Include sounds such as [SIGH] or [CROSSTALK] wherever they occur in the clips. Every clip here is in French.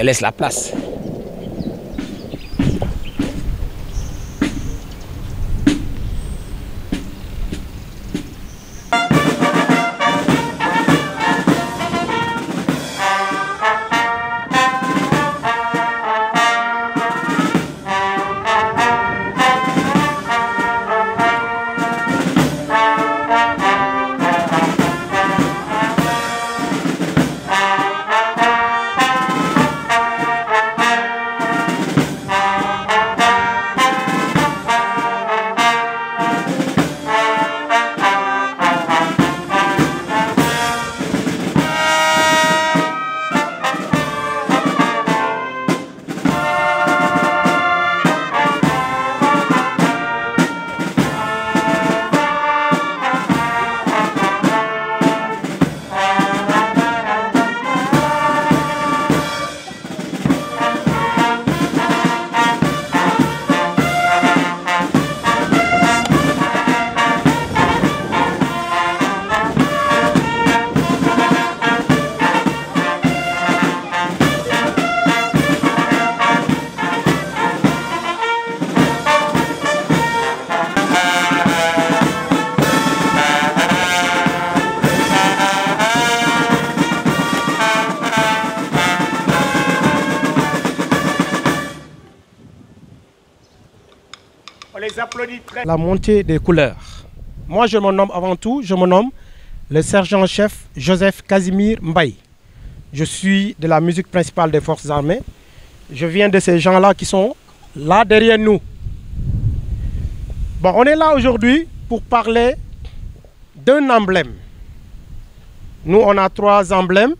je laisse la place. la montée des couleurs. Moi, je me nomme avant tout, je me nomme le sergent-chef Joseph Casimir Mbaye. Je suis de la musique principale des forces armées. Je viens de ces gens-là qui sont là derrière nous. Bon, on est là aujourd'hui pour parler d'un emblème. Nous, on a trois emblèmes.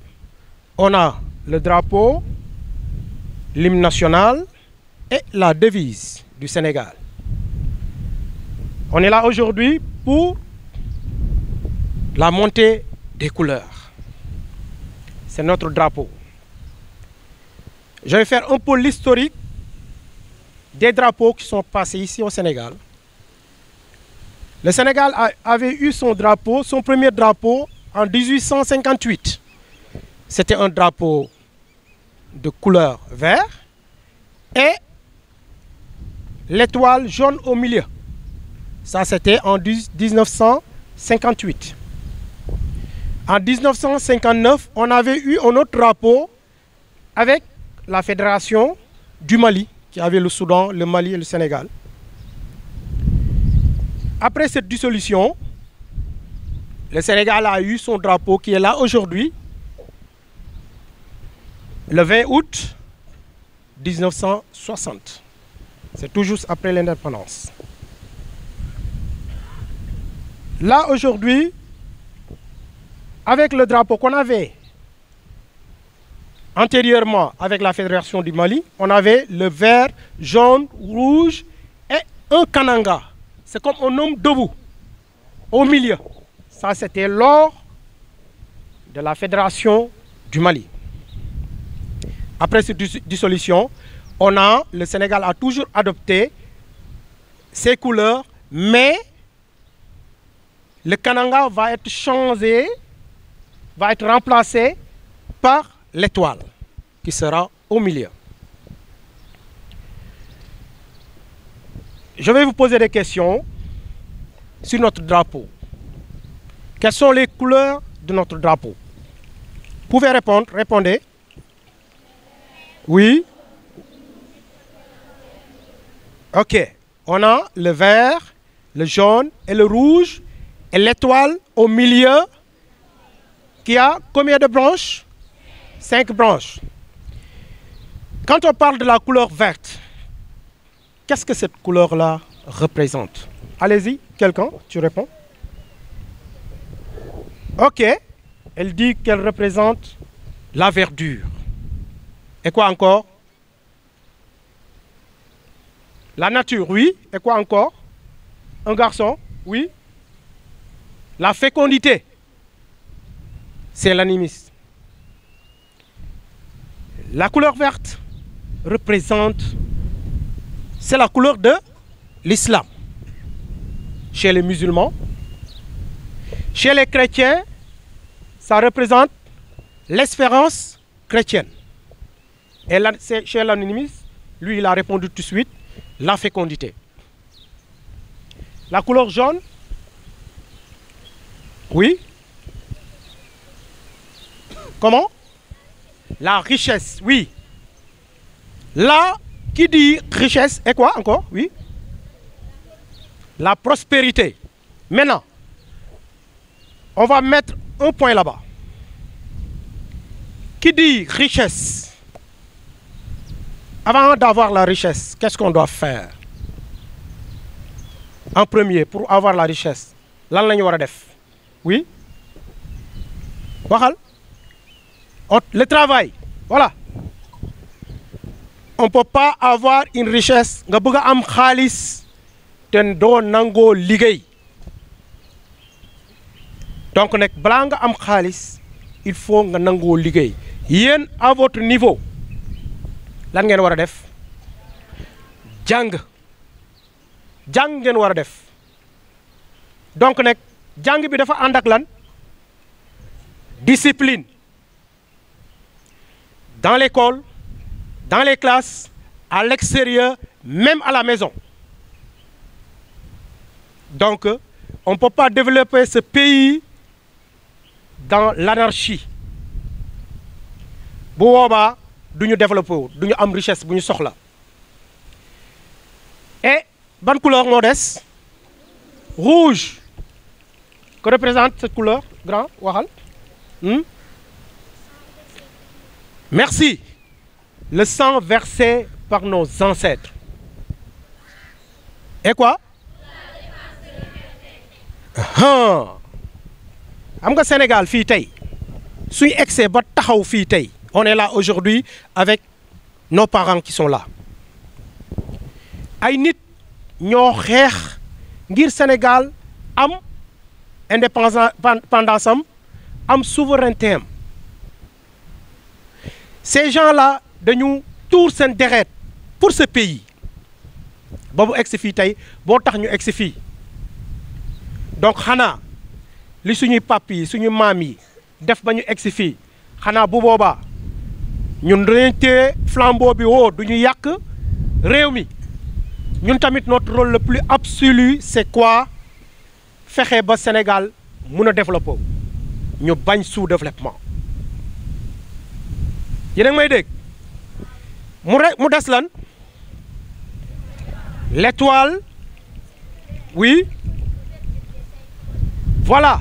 On a le drapeau, l'hymne national et la devise du Sénégal. On est là aujourd'hui pour la montée des couleurs. C'est notre drapeau. Je vais faire un peu l'historique des drapeaux qui sont passés ici au Sénégal. Le Sénégal avait eu son drapeau, son premier drapeau en 1858. C'était un drapeau de couleur vert et l'étoile jaune au milieu. Ça, c'était en 1958. En 1959, on avait eu un autre drapeau avec la fédération du Mali, qui avait le Soudan, le Mali et le Sénégal. Après cette dissolution, le Sénégal a eu son drapeau qui est là aujourd'hui, le 20 août 1960. C'est toujours après l'indépendance. Là, aujourd'hui, avec le drapeau qu'on avait antérieurement avec la Fédération du Mali, on avait le vert, jaune, rouge et un kananga. C'est comme un homme debout, au milieu. Ça, c'était l'or de la Fédération du Mali. Après cette dissolution, on a, le Sénégal a toujours adopté ces couleurs, mais le Kananga va être changé, va être remplacé par l'étoile qui sera au milieu. Je vais vous poser des questions sur notre drapeau. Quelles sont les couleurs de notre drapeau Vous pouvez répondre, répondez. Oui. Ok. On a le vert, le jaune et le rouge et l'étoile au milieu, qui a combien de branches Cinq branches. Quand on parle de la couleur verte, qu'est-ce que cette couleur-là représente Allez-y, quelqu'un, tu réponds. Ok, elle dit qu'elle représente la verdure. Et quoi encore La nature, oui. Et quoi encore Un garçon, oui. La fécondité, c'est l'animisme. La couleur verte représente, c'est la couleur de l'islam. Chez les musulmans, chez les chrétiens, ça représente l'espérance chrétienne. Et chez l'animisme, lui, il a répondu tout de suite, la fécondité. La couleur jaune, oui Comment La richesse, oui. Là, qui dit richesse et quoi encore Oui La prospérité. Maintenant, on va mettre un point là-bas. Qui dit richesse Avant d'avoir la richesse, qu'est-ce qu'on doit faire En premier, pour avoir la richesse, def oui waxal le travail voilà on peut pas avoir une richesse nga bëgg am xaalis ten do nango liggéey donc nek balaa nga am il faut nga nango liggéey à votre niveau lan ngeen wara def Jang. Jang ngeen wara def donc nek jang bi dafa discipline dans l'école dans les classes à l'extérieur même à la maison donc on ne peut pas développer ce pays dans l'anarchie bu woba développer, développer duñu am richesse et bonne couleur mo dess rouge représente cette couleur, grand Wahal hmm? Merci. Le sang versé par nos ancêtres. Et quoi ah. am nga Sénégal fii excès ba taxaw on est là aujourd'hui avec nos parents qui sont là ay nit ñoo xex ngir Sénégal am indépendance am am souveraineté ces gens-là nous tuur seen deret pour ce pays ba mu egsi fii tey donc xanaa les suñuy papi, yi suñu maam def ba ñu egsi bu ñun flambeau bi nous du ñu Nous ñun tamit notre rôle le plus absolu c'est quoi Faire ba Sénégal mun a développé wu ñu bañ sous-développement Vous a may Vous mu l'étoile oui voilà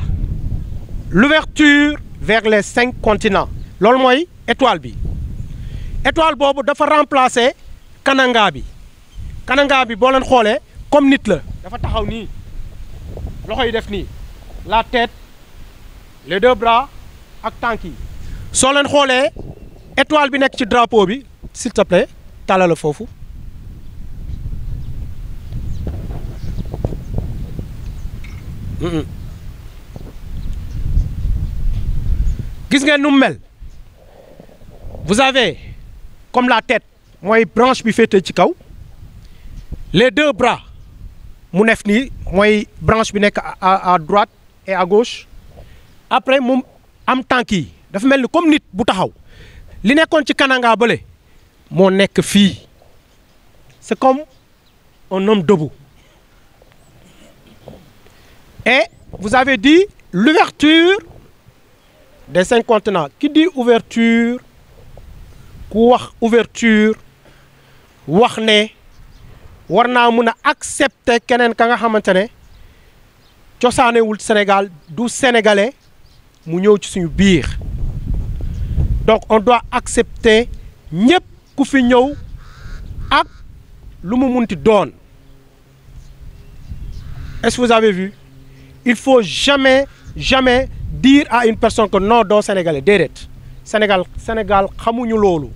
l'ouverture vers les cinq continents C'est ce étoile bi étoile boobu dafa remplacer kananga bi kananga bi boo leen comme nit loxo yi def la tête les deux bras le tanki... Si vous regardez... toi étoile bi nekk ci drapeau s'il te plaît talala mm. gis ngeen nu nous mel vous avez comme la tête mooy branche bi féete ci kaw les deux bras mon nef moi, la branche à droite et à gauche après mon am tanki. yi dafa mel ni comme nit bu taxaw li nekkoon ci Kananga mo nek c'est comme un homme debout et vous avez dit l'ouverture des cinq continents qui dit ouverture ouverture wax warna muna mun a accepter keneen ka nga xamantene ne wul Sénégal du sénégalais mu ñew ci suñu biir donc on doit accepter ñepp ku fi ñew ak lu mu munti doon est-ce que vous avez vu il faut jamais jamais dire à une personne que non doo sénégalais déedéet Sénégal Sénégal xamuñu lolu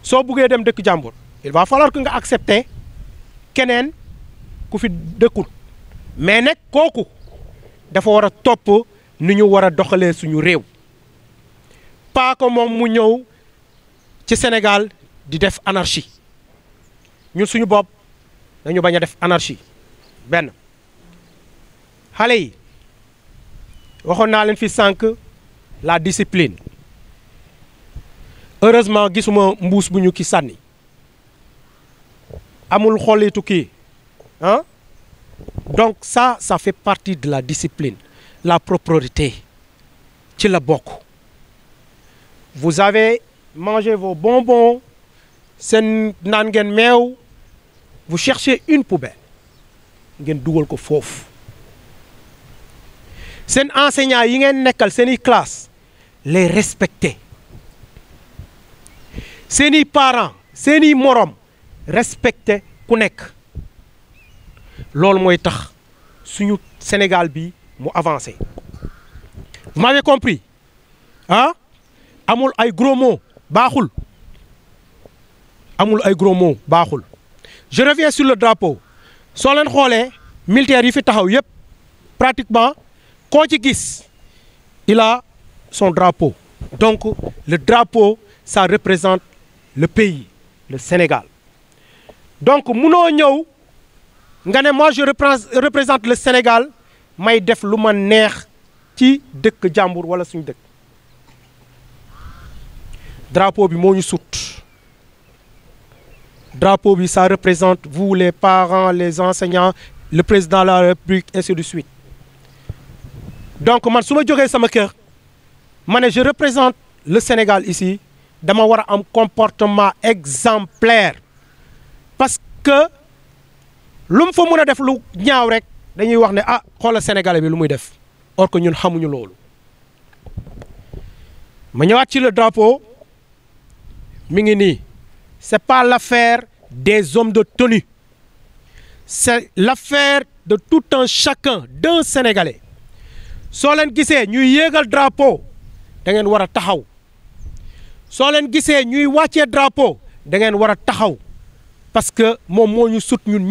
so buggee dem dëkk jambour il va falloir que nga accepter kenen ku fi coups. mais nek koku dafa wara top niñu wara doxale suñu rew pas comme on mu ñew ci Sénégal di def anarchie Nous, suñu bop dañu baña anarchie Ben, vous yi la discipline heureusement gisuma buñu ki amul xollitu ki hein donc ça ça fait partie de la discipline la propriété ci la bokk vous avez mangé vos bonbons sen naan ngeen vous cherchez une poubelle ngeen dougal ko fof sen enseignants yi ngeen nekkal seen classe les respecter seni parents seni morom respecté ku nek et moy tax suñu Sénégal bi mu avancé vous m'avez compris ah amul ay gros mots baxul amul ay gros mots je reviens sur le drapeau Solen len xoolee militaires yi fi taxaw pratiquement ko ci gis il a son drapeau donc le drapeau ça représente le pays le Sénégal donc munoo ñëw nga moi je représente le Sénégal may def lu ma neex ci dëkk jàmbur wala suñu dëkk drapeau bi moo drapeau ça représente vous les parents les enseignants le président de la République ainsi de suite donc man su ma jógee sama je représente le Sénégal ici dama dois avoir am comportement exemplaire que lu mu fa mën a def lu ñaaw rek dañuy wax ne ah xoolal sénégalais bi lu muy def or que ñun xamuñu loolu. ma ñëwaat ci le drapeau mi ngi nii c'est pas l'affaire des hommes de tenue c'est l'affaire de tout un chacun d'un sénégalais soo leen gisee ñuy yéegal drapeau da ngeen war a taxaw soo leen gisee ñuy wàccee drapeau da ngeen war a taxaw parce que mon mot nous soutenons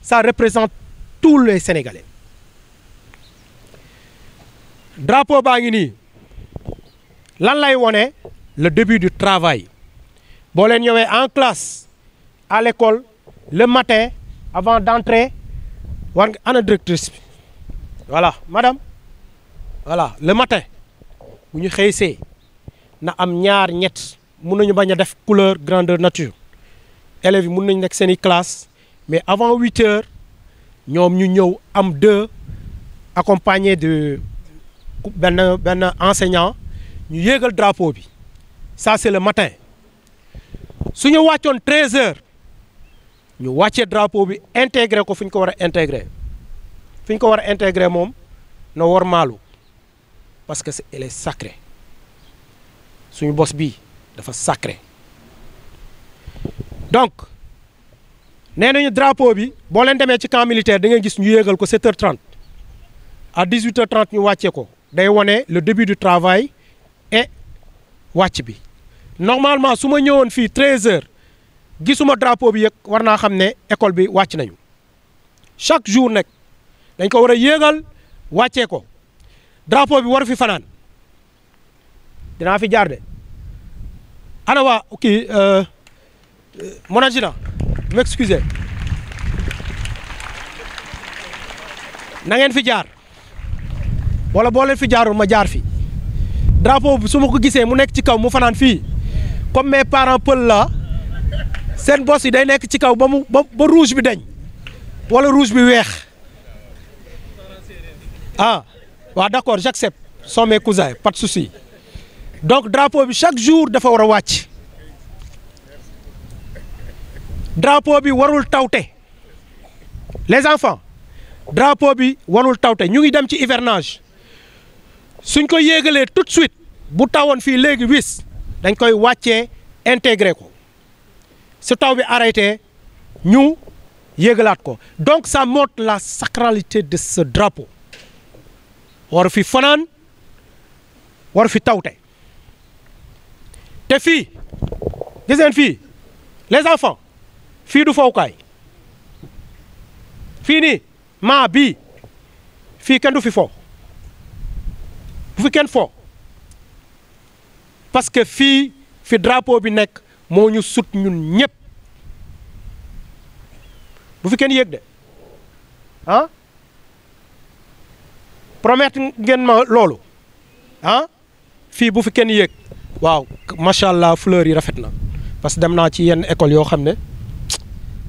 ça représente tous les sénégalais drapeau Bagini, L'année le début du travail Bon, on est en classe à l'école le matin avant d'entrer on nga ana directrice voilà madame voilà le matin vous ñu xëysee na am ñaar couleur grandeur nature élèves mën nañ nek classe mais avant 8h nous ñu ñëw deux accompagnés d'un enseignant, ben enseignant le drapeau ça c'est le matin suñu waccion 13h ñu waccé drapeau bi intégrer ko intégré. ko wara intégrer Parce ko wara intégrer mom na wor malu parce que elle est sacré suñu boss bi dafa sacré donc nee drapeau bi vous leen demee ci camp militaire da ngay gis ñu 7h30 à 18h30 ñu wàccee ko day wone le début du travail et wàcc bi normalement su ma ñëwoon fii 13h gisuma drapeau bi yëg war naa xam ne école bi wàcc nañu chaque jour nag dañ ko war yégal le ko drapeau bi waru fi fanaan dinaa fi jaar de ana ok... Euh, euh, mon adjudant m'excuser na ngeen fi jaar wala ma jaar fi drapeau bi vous. un ko ex mu ci comme mes parents peuvent la seen un day nekk ci rouge rouge ah sont mes cousins pas de souci donc drapeau chaque jour dafa war un drapeau bi warul tawte les enfants drapeau bi warul tawte ñu ngi dem ci hivernage suñ ko yéegalee tout de suite bu tawone fi légui wiss dañ koy waccé intégré ko ce taw bi arrêté ñu yéegalaat ko donc ça montre la sacralité de ce drapeau war fi fanan war fi tawte te fi gis ngeen les enfants fii du fowkaay fii nii maa bi fii kenn du fi fo bu fi kenn fo parce que fii fi drapo bi nekk moo ñu sut ñun ñëpp bu fi kenn yéeg de ah ngeen ma loolu ah fii bu fi kenn yéeg waaw macha allah fleur yi rafet na parce que dem naa ci yenn école yoo xam ne.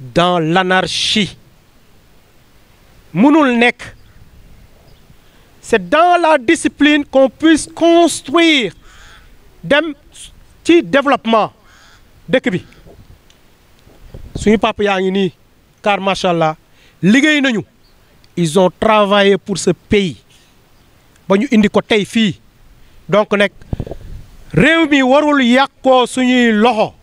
dans l'anarchie mënul Nek, c'est dans la discipline qu'on puisse construire des ci développement dëkk bi suñu papa yaa ngi nii car machallah, nañu ils ont travaillé pour ce pays ba indi ko donc nag réew warul yakko suñuy loho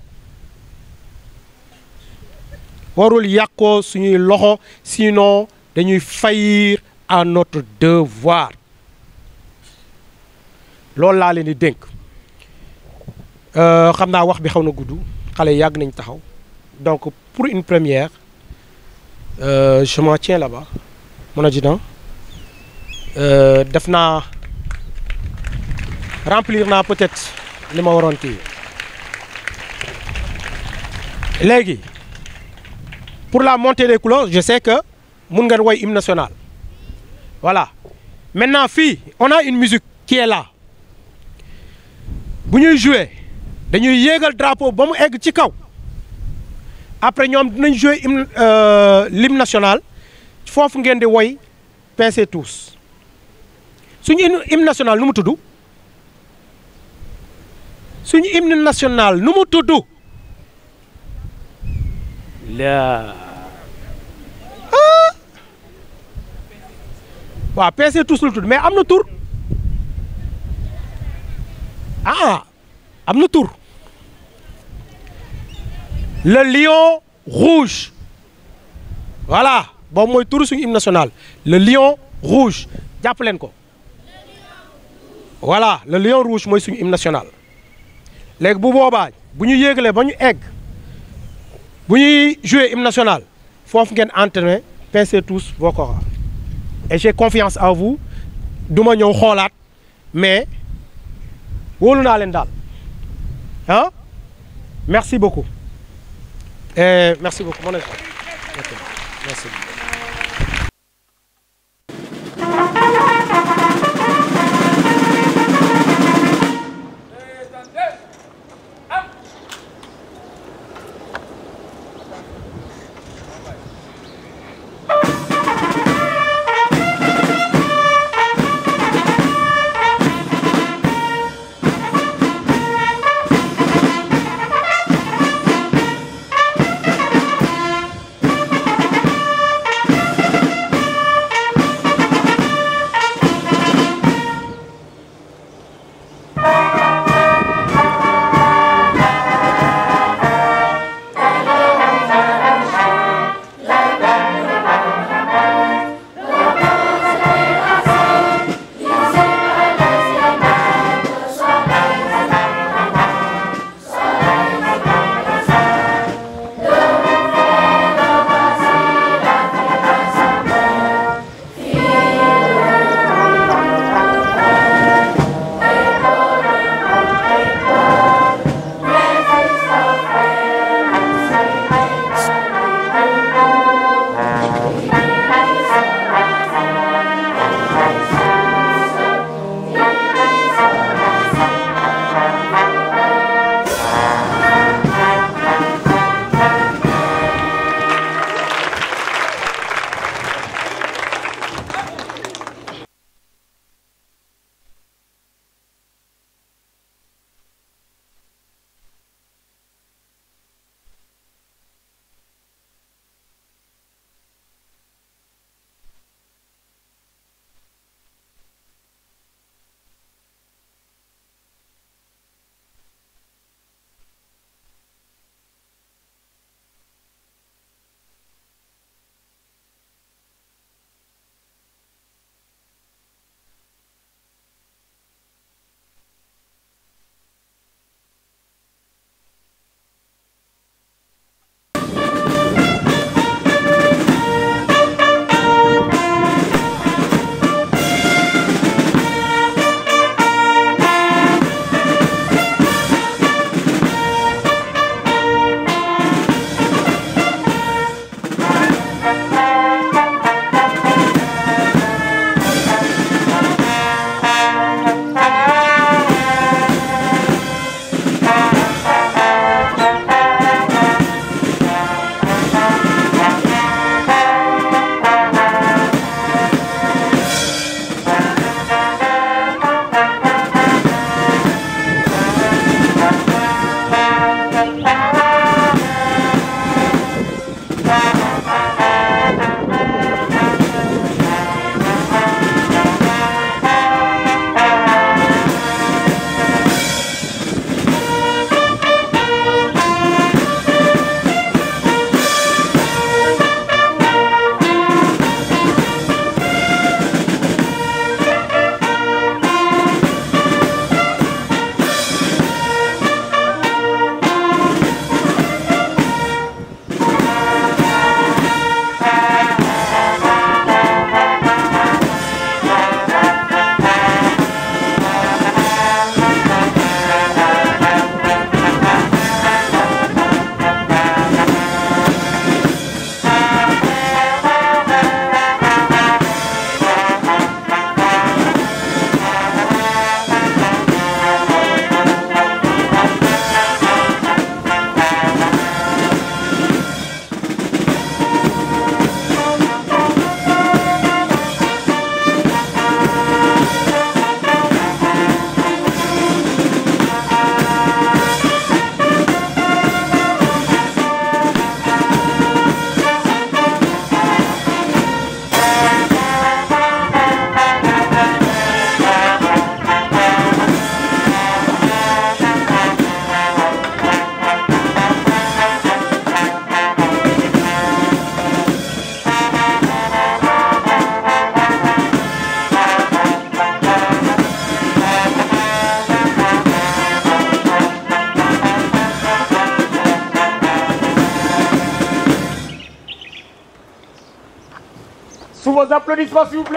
warul yakko suñuy loxo sinon dañuy faillir à notre devoir lol la leen di dénk euh, xam naa wax bi xawna na xale nañ taxaw donc pour une première euh, je m'en tiens là-bas mon adjudant euh defna remplir na peut-être li ma waroon téye pour la montée des couleurs je sais que nous avons un hymne national voilà maintenant fille, on a une musique qui est là Vous jouez. jouer dañuy le drapeau ba mu après nous jouons jouer euh, l'hymne national Il ngeen di nous pincez tous suñu hymne national nu mu Nous suñu hymne national nous sommes tous. Pensez tous le tour... mais a un tour... ah a un tour... le lion rouge voilà Bon, le tour sur l'hymne national le lion rouge voilà le lion rouge sur sur l'hymne national les bu boobaa les vous yéegalee egg bu jouer il national que vous Pensez tous vos corps et j'ai confiance en vous Nous sommes pas mais je naa leen daal ah merci beaucoup merci beaucoup merci beaucoup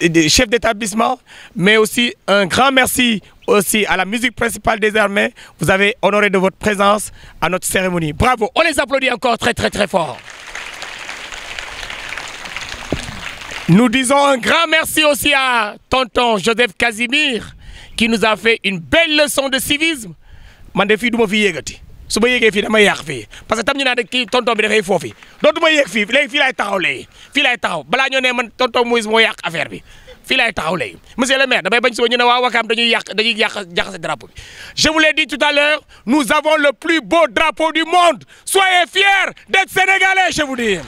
et Des chefs d'établissement, mais aussi un grand merci aussi à la musique principale des armées. Vous avez honoré de votre présence à notre cérémonie. Bravo, on les applaudit encore très très très fort. Nous disons un grand merci aussi à tonton Joseph Casimir qui nous a fait une belle leçon de civisme. Mandefi su ma yéegee fii damay yàq fii parce que tam ñu naan ki tonton bi dafay foofi dootu ma yéeg fi léegi fii lay taxaw léegi fii lay taxaw balaa ñoo ne man tonton Moïse moo yàq affaire bi fii lay taxaw léegi monsieur le maire damay bañ suba ñu ne waa Wakaam dañuy yàq dañuy yàq jaxase drapeau bi je vous l'ai dit tout à l'heure nous avons le plus beau drapeau du monde soyez fiers d'être sénégalais je vous dis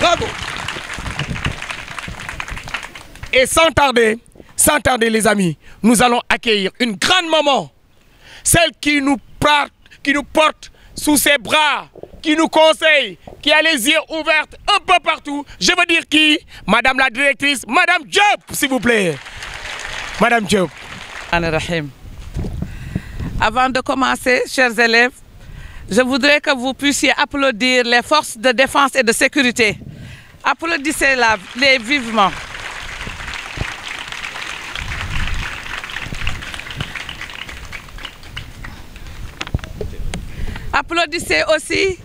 bravo et sans tarder sans tarder les amis nous allons accueillir une grande maman celle qui nous, porte, qui nous porte sous ses bras, qui nous conseille, qui a les yeux ouverts un peu partout. Je veux dire qui Madame la directrice, Madame Job, s'il vous plaît. Madame Diop. Avant de commencer, chers élèves, je voudrais que vous puissiez applaudir les forces de défense et de sécurité. Applaudissez-les vivement. Applaudissez aussi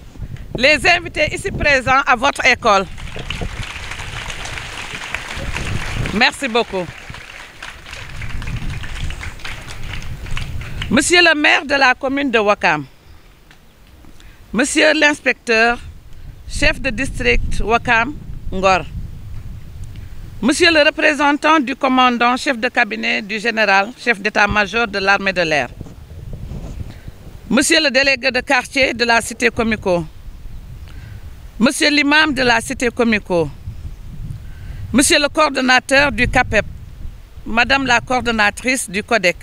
les invités ici présents à votre école. Merci beaucoup. Monsieur le maire de la commune de Wakam, Monsieur l'inspecteur, chef de district Wakam Ngor, Monsieur le représentant du commandant, chef de cabinet du général, chef d'état-major de l'armée de l'air, Monsieur le délégué de quartier de la cité Comico, Monsieur l'imam de la cité Comico, Monsieur le coordonnateur du CAPEP, Madame la coordonnatrice du CODEC,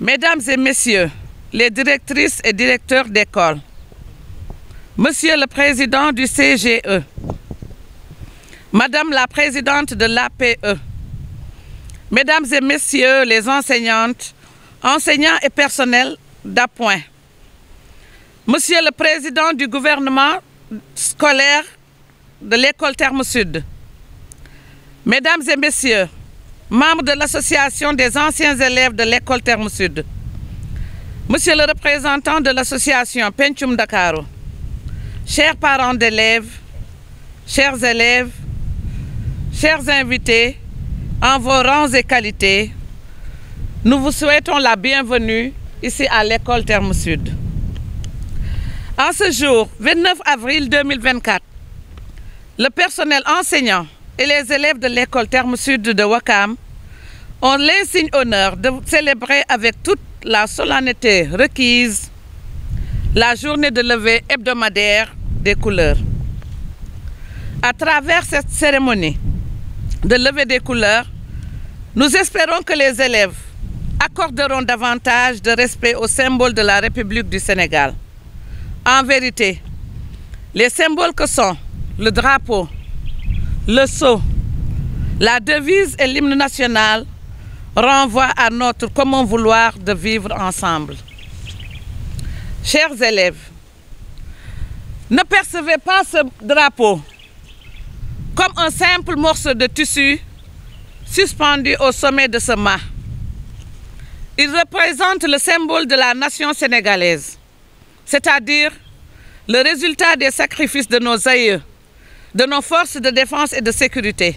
Mesdames et Messieurs les directrices et directeurs d'école, Monsieur le président du CGE, Madame la présidente de l'APE, Mesdames et Messieurs les enseignantes, enseignants et personnels d'appoint. Monsieur le Président du gouvernement scolaire de l'école Terme Sud, Mesdames et Messieurs, membres de l'Association des anciens élèves de l'école Terme Sud, Monsieur le représentant de l'association Pentium Dakaro, chers parents d'élèves, chers élèves, chers invités, en vos rangs et qualités, nous vous souhaitons la bienvenue ici à l'école Terme Sud. En ce jour, 29 avril 2024, le personnel enseignant et les élèves de l'école Terme Sud de Wakam ont l'insigne honneur de célébrer avec toute la solennité requise la journée de levée hebdomadaire des couleurs. À travers cette cérémonie de levée des couleurs, nous espérons que les élèves accorderont davantage de respect aux symboles de la République du Sénégal. En vérité, les symboles que sont le drapeau, le sceau, la devise et l'hymne national renvoient à notre comment vouloir de vivre ensemble. Chers élèves, ne percevez pas ce drapeau comme un simple morceau de tissu suspendu au sommet de ce mât. Il représente le symbole de la nation sénégalaise, c'est-à-dire le résultat des sacrifices de nos aïeux, de nos forces de défense et de sécurité.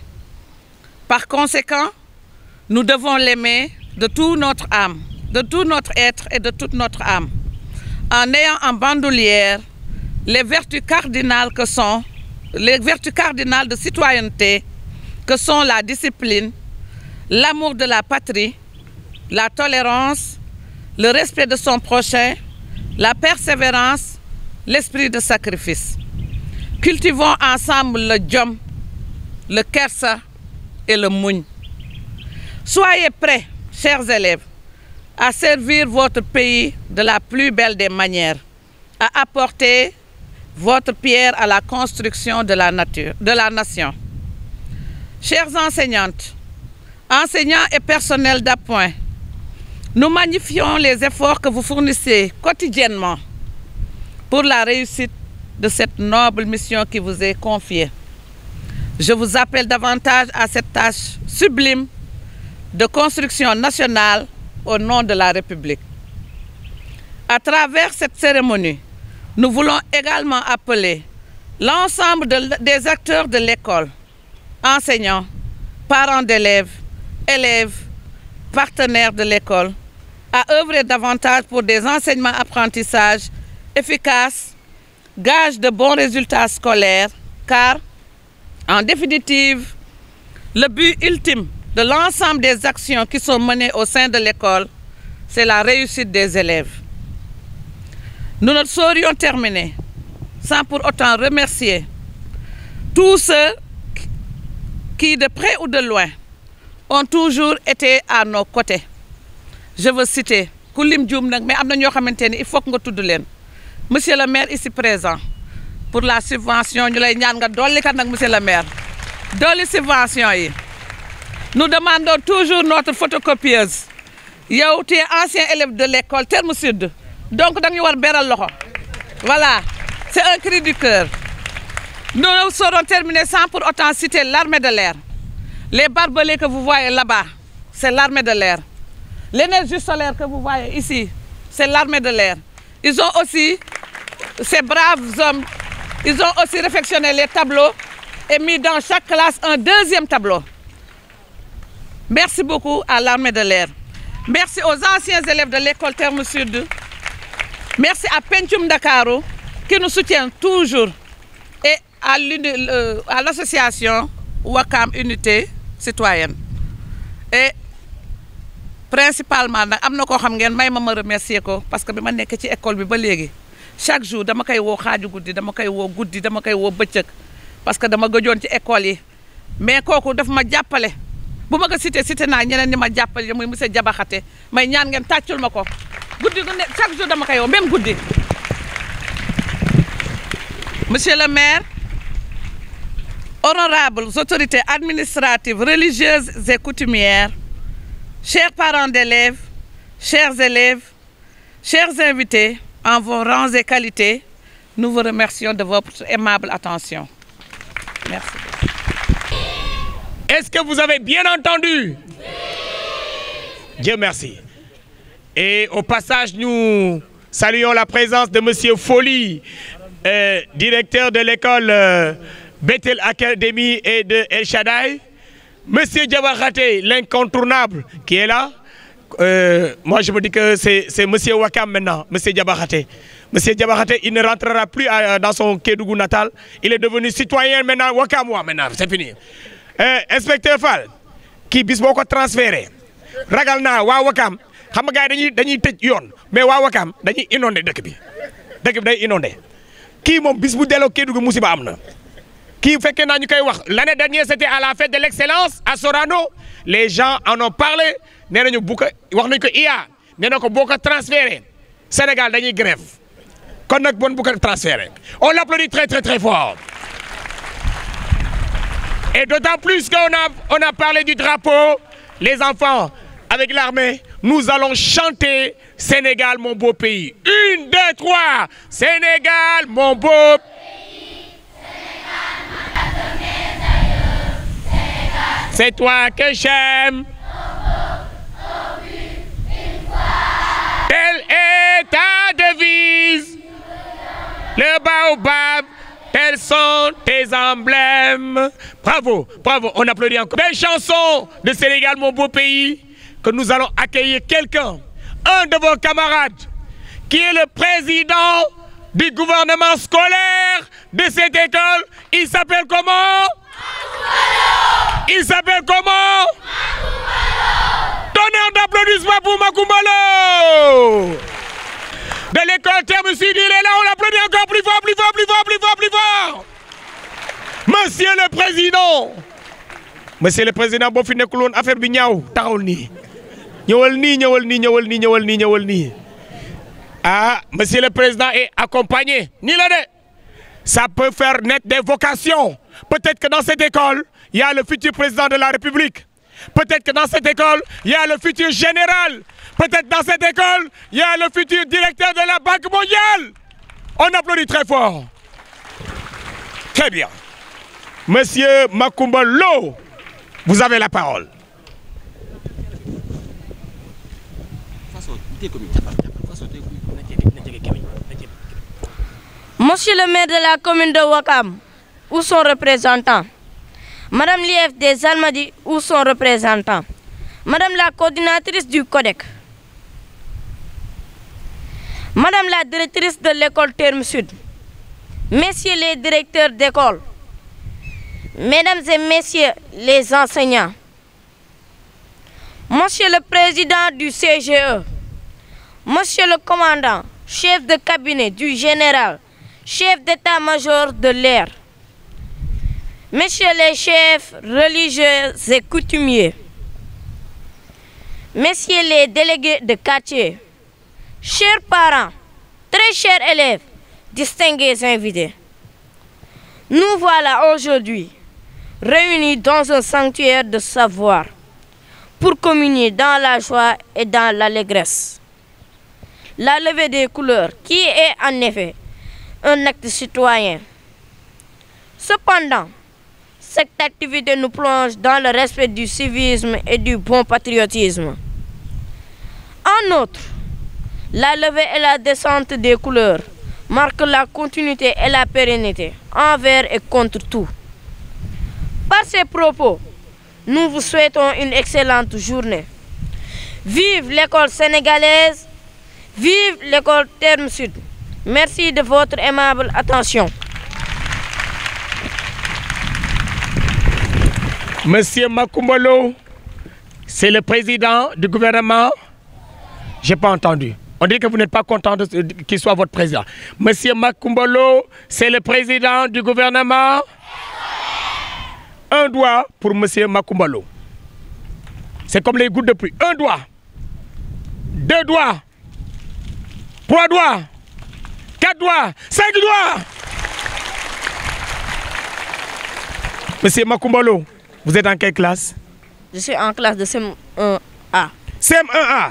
Par conséquent, nous devons l'aimer de tout notre âme, de tout notre être et de toute notre âme, en ayant en bandoulière les vertus cardinales que sont les vertus cardinales de citoyenneté que sont la discipline, l'amour de la patrie, la tolérance, le respect de son prochain, la persévérance, l'esprit de sacrifice. Cultivons ensemble le djom, le kersa et le moun. Soyez prêts, chers élèves, à servir votre pays de la plus belle des manières, à apporter votre pierre à la construction de la, nature, de la nation. Chers enseignantes, enseignants et personnels d'appoint, nous magnifions les efforts que vous fournissez quotidiennement pour la réussite de cette noble mission qui vous est confiée. Je vous appelle davantage à cette tâche sublime de construction nationale au nom de la République. À travers cette cérémonie, nous voulons également appeler l'ensemble des acteurs de l'école, enseignants, parents d'élèves, élèves, partenaires de l'école, à œuvrer davantage pour des enseignements-apprentissages efficaces, gage de bons résultats scolaires, car, en définitive, le but ultime de l'ensemble des actions qui sont menées au sein de l'école, c'est la réussite des élèves. Nous ne saurions terminer sans pour autant remercier tous ceux qui, de près ou de loin, ont toujours été à nos côtés je veux citer mais il faut nga len monsieur le maire ici présent pour la subvention ñu lay ñaan nga monsieur le maire subvention nous demandons toujours notre photocopieuse yow tu un ancien élève de l'école Terme Sud donc da nga war voilà c'est un cri du cœur nous serons terminés sans pour autant citer l'armée de l'air les barbelés que vous voyez là-bas c'est l'armée de l'air L'énergie solaire que vous voyez ici, c'est l'armée de l'air. Ils ont aussi, ces braves hommes, ils ont aussi réfectionné les tableaux et mis dans chaque classe un deuxième tableau. Merci beaucoup à l'armée de l'air. Merci aux anciens élèves de l'école Terme Sud. Merci à Pentium Dakaro qui nous soutient toujours et à euh, l'association Wakam Unité Citoyenne. Et principalement nag am na koo xam ngeen may ma ma remercier ko parce que bi ma nekk ci école bi ba léegi chaque jour dama koy woo xaaj guddi dama koy woo guddi dama koy woo bëccëg parce que dama gajoon ci école yi mais kooku daf ma jàppale bu ma ko cité cité naa ñeneen ni ma jàppale muy se Jabaxate may ñaan geen tàccul ma ko guddi gu ne chaque jour dama koy woo même guddi monsieur le maire honorables autorités administratives religieuses et coutumières Chers parents d'élèves, chers élèves, chers invités, en vos rangs et qualités, nous vous remercions de votre aimable attention. Merci. Est-ce que vous avez bien entendu Dieu merci. Et au passage, nous saluons la présence de M. Foli, euh, directeur de l'école euh, Bethel Academy et de El Shaddai. Monsieur Diabarate, l'incontournable, qui est là, euh, moi je me dis que c'est Monsieur Wakam maintenant, Monsieur Diabarate. Monsieur Diabarate, il ne rentrera plus euh, dans son Kédougou natal. Il est devenu citoyen maintenant, Wakamois maintenant, c'est fini. Euh, inspecteur Fall, qui bisboko transféré. Ragalna, wa Wakam. xam nga gars yi dañuy dañuy tëj yoon mais Wawakam, Wakam dañuy inondé Qui est dëkk inondé Qui moom bis bu Kédougou musiba Amna qui fait que l'année dernière c'était à la fête de l'excellence à Sorano les gens en ont parlé Nous avons transféré Sénégal grève on l'applaudit très très très fort et d'autant plus qu'on a on a parlé du drapeau les enfants avec l'armée nous allons chanter Sénégal mon beau pays une deux trois Sénégal mon beau pays. C'est toi que j'aime. Telle est ta devise. Le baobab, tels sont tes emblèmes. Bravo, bravo, on applaudit encore. Belle chansons de Sénégal, mon beau pays, que nous allons accueillir quelqu'un, un de vos camarades, qui est le président du gouvernement scolaire de cette école. Il s'appelle comment il s'appelle comment Donneur d'applaudissements pour Makumbalo De l'école Terme Sud, il est là, on applaudit encore plus fort, plus fort, plus fort, plus fort, plus fort Monsieur le Président Monsieur le Président bon fi de affaire bi ñaaw taxawul nii ni, nii ñëwal ni ni, ah Monsieur le Président est accompagné Ni ça peut faire naître des vocations. Peut-être que dans cette école, il y a le futur président de la République. Peut-être que dans cette école, il y a le futur général. Peut-être dans cette école, il y a le futur directeur de la Banque mondiale. On applaudit très fort. Très bien. Monsieur Makumba vous avez la parole. Monsieur le maire de la commune de Wakam, ou son représentant. Madame Lief des Almadi, ou son représentant. Madame la coordinatrice du CODEC. Madame la directrice de l'école Terme Sud. Messieurs les directeurs d'école. Mesdames et messieurs les enseignants. Monsieur le président du CGE. Monsieur le commandant, chef de cabinet du général chef d'état-major de l'air, messieurs les chefs religieux et coutumiers, messieurs les délégués de quartier, chers parents, très chers élèves, distingués invités, nous voilà aujourd'hui réunis dans un sanctuaire de savoir pour communier dans la joie et dans l'allégresse. La levée des couleurs qui est en effet un acte citoyen. Cependant, cette activité nous plonge dans le respect du civisme et du bon patriotisme. En outre, la levée et la descente des couleurs marquent la continuité et la pérennité envers et contre tout. Par ces propos, nous vous souhaitons une excellente journée. Vive l'école sénégalaise, vive l'école Terme Sud. Merci de votre aimable attention. Monsieur Makumbolo, c'est le président du gouvernement. Je n'ai pas entendu. On dit que vous n'êtes pas content qu'il soit votre président. Monsieur Makumbolo, c'est le président du gouvernement. Un doigt pour Monsieur Makumbolo. C'est comme les gouttes de pluie. Un doigt. Deux doigts. Trois doigts quatre doigts, cinq doigts. Monsieur Makumbolo, vous êtes en quelle classe Je suis en classe de CM1A. CM1A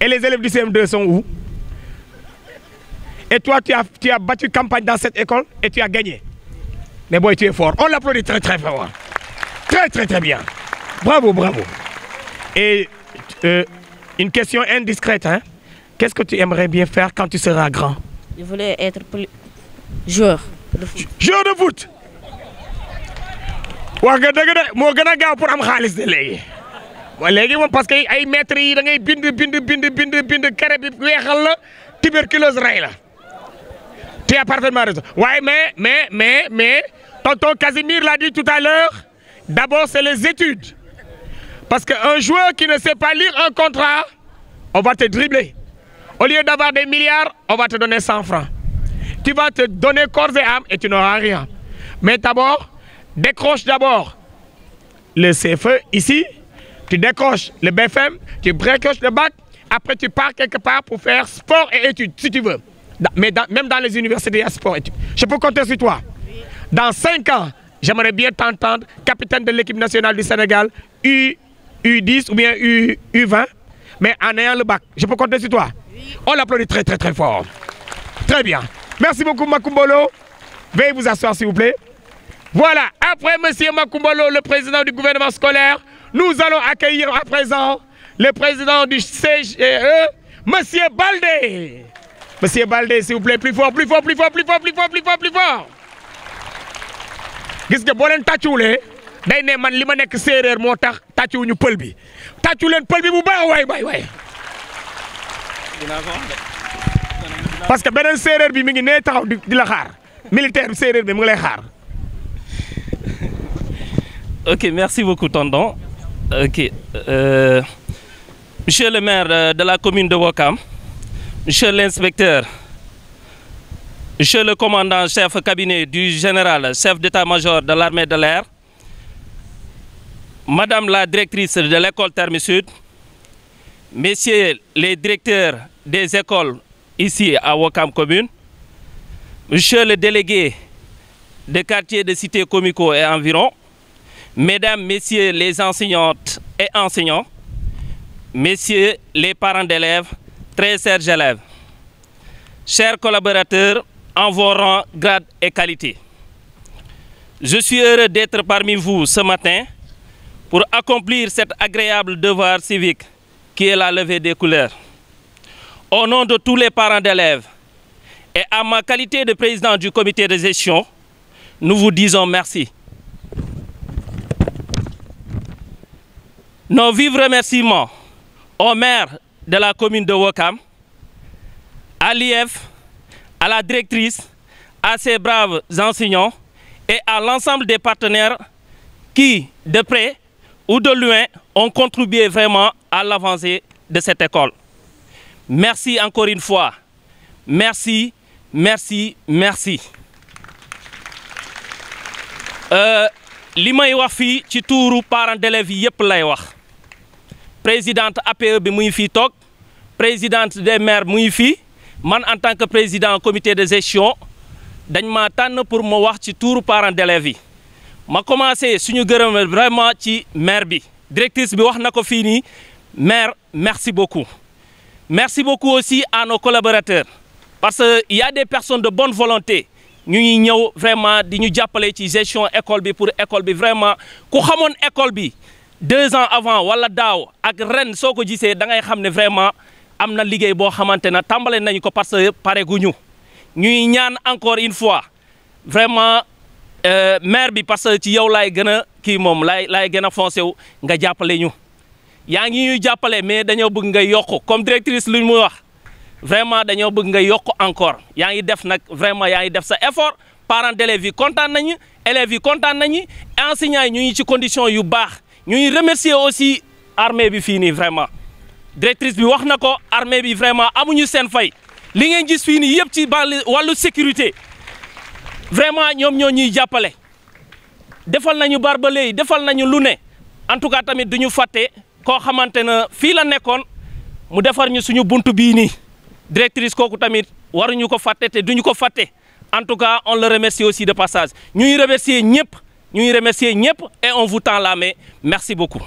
Et les élèves du CM2 sont où Et toi, tu as, tu as battu campagne dans cette école et tu as gagné. Mais bon, tu es fort. On l'applaudit très très fort. Très très très bien. Bravo, bravo. Et euh, une question indiscrète, hein Qu'est-ce que tu aimerais bien faire quand tu seras grand je voulais être joueur de foot. Joueur de foot Je nga plus de pour am suis de léegi wa léegi moom parce que ay maîtres yi da ngay bind bind tuberculose tu as parfaitement raison mais mais mais mais tonton Casimir l'a dit tout à l'heure d'abord c'est les études parce qu'un joueur qui ne sait pas lire un contrat on va te dribbler au lieu d'avoir des milliards, on va te donner 100 francs. Tu vas te donner corps et âme et tu n'auras rien. Mais d'abord, décroche d'abord le CFE ici, tu décroches le BFM, tu décroches le bac, après tu pars quelque part pour faire sport et études, si tu veux. Mais même dans les universités, il y a sport et études. Je peux compter sur toi. Dans 5 ans, j'aimerais bien t'entendre, capitaine de l'équipe nationale du Sénégal, U, 10 ou bien U20, mais en ayant le bac. Je peux compter sur toi. On l'applaudit très très très fort. Très bien. Merci beaucoup Makumbolo. Veuillez vous asseoir s'il vous plaît. Voilà, après monsieur Makumbolo, le président du gouvernement scolaire, nous allons accueillir à présent le président du CGE, Monsieur Baldé. Monsieur Baldé, s'il vous plaît, plus fort, plus fort, plus fort, plus fort, plus fort, plus fort, plus fort. gis parce que benen bi mi ngi taxaw militaire bi ok merci beaucoup Tandon. ok euh, monsieur le maire euh, de la commune de Wakam, monsieur l'inspecteur monsieur le commandant chef cabinet du général chef d'état-major de l'armée de l'air madame la directrice de l'école Terme Sud messieurs les directeurs des écoles ici à Wakam Commune, monsieur le délégué des quartiers de Cité Comico et environ, mesdames, messieurs les enseignantes et enseignants, messieurs les parents d'élèves, très chers élèves, chers collaborateurs en vos rangs, grades et qualités. Je suis heureux d'être parmi vous ce matin pour accomplir cet agréable devoir civique la levée des couleurs. Au nom de tous les parents d'élèves et à ma qualité de président du comité de gestion, nous vous disons merci. Nos vifs remerciements au maire de la commune de Wokam, à l'IF, à la directrice, à ses braves enseignants et à l'ensemble des partenaires qui, de près ou de loin ont contribué vraiment à l'avancée de cette école. Merci encore une fois. Merci, merci, merci. je euh, may wax ci parents d'élèves yep présidente APE bi présidente des maires Mouifi, moi en tant que président du comité de gestion Je ma pour moi wax ci tuuru parents d'élèves ma commencé suñu gërëm vraiment ci maire bi directrice bi wax nako maire merci beaucoup merci beaucoup aussi à nos collaborateurs parce qu'il y a des personnes de bonne volonté Nous ñuy ñëw vraiment di ñu jàppale ci gestion école bi pour école bi vraiment ku xamone école bi deux ans avant wala Daw ak ren soko ko da ngay xamné vraiment amna liguey bo xamanté na tambalé nañ ko parce que paré guñu ñuy ñaan encore une fois vraiment euh, maire bi parce que ci yow lay gëna ki mom lay lay gëna gën foncé nga jappalé ñu yaangi ñuy jappalé mais dañoo bëgg nga yokk comme directrice lu mu wax vraiment dañoo bëgg nga yokk encore yaangi def nak vraiment yaangi def sa effort parents d'élèves yi content nañu élèves yi content nañu enseignants yi ñu ci condition yu bax ñuy remercier aussi armée bi fini vraiment directrice bi wax nako armée bi vraiment amuñu seen fay li ngeen gis fini nii ci walu sécurité vraiment ñoom ñoo ñuy jàppale defal nañu barbalé yi defal nañu lu né en tout cas tamit duñu faté ko koo na la nékkon mu défar ñu suñu buntu bi ni directrice koku tamit waruñu ko faté, té duñu ko faté. en tout cas on le remercie aussi de passage ñuy remercier ñëpp ñuy remercier ñëpp et on vous tend la main merci beaucoup.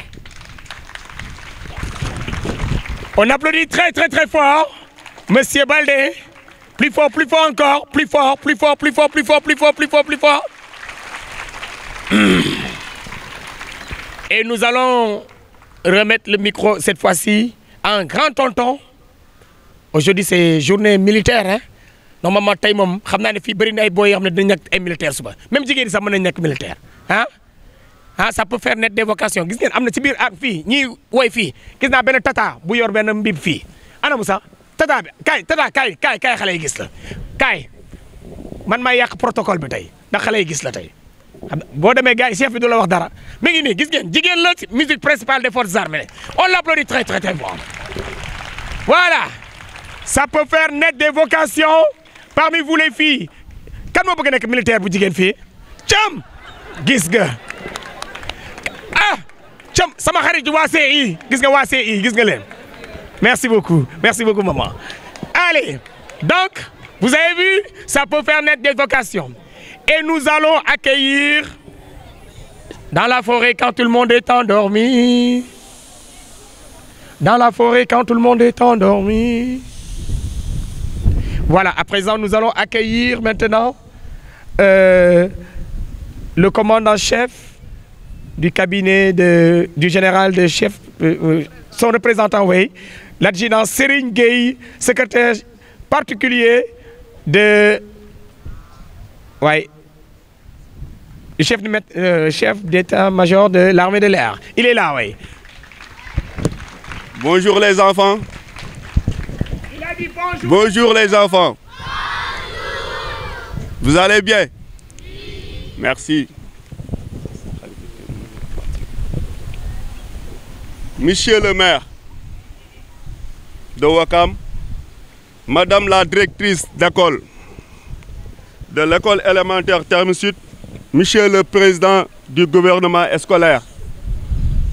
on applaudit très très très fort monsieur Baldé. Plus fort, plus fort encore. Plus fort, plus fort, plus fort, plus fort, plus fort, plus fort, plus fort. [CLEARS THROAT] Et nous allons remettre le micro cette fois-ci à un grand tonton. Aujourd'hui, c'est journée militaire. Hein? Normalement, tey moom xam naa ne fii bëri na ay militaire même si ñi sax des militaires. militaire Hein? Ah, ça peut faire net des vocations gis ngeen am na ci biir ak fii ñii woy fii gis naa benn tata bu yor benn mbib fii Tata bi kaay Tata kay kay kaay xale yi gis la kaay man maay yak protocole bi tay da xale yi gis la tey xam boo demee chef bi dula wax dara mi ngi ni gis ngeen jigen la ci musique principale des forces armées on l'applaudit très très très fort voilà ça peut faire naître des vocations parmi vous les filles kan mo bëgg nek militaire bu jigen fi cam gis nga ah cam sama xarit wa CI gis nga wa CI gis nga leen Merci beaucoup. Merci beaucoup, maman. Allez, donc, vous avez vu, ça peut faire naître des vocations. Et nous allons accueillir dans la forêt quand tout le monde est endormi. Dans la forêt quand tout le monde est endormi. Voilà, à présent, nous allons accueillir maintenant euh, le commandant-chef du cabinet du général de chef, euh, euh, son représentant, oui, l'adjudant Serigne Gueye secrétaire particulier de chef de euh, chef d'état-major de l'armée de l'air. Il est là, oui. Bonjour les enfants. Il a dit bonjour. Bonjour les enfants. Vous allez bien Merci. Monsieur le maire, de Wakam, Madame la directrice d'école de l'école élémentaire Terme Sud, Monsieur le président du gouvernement scolaire,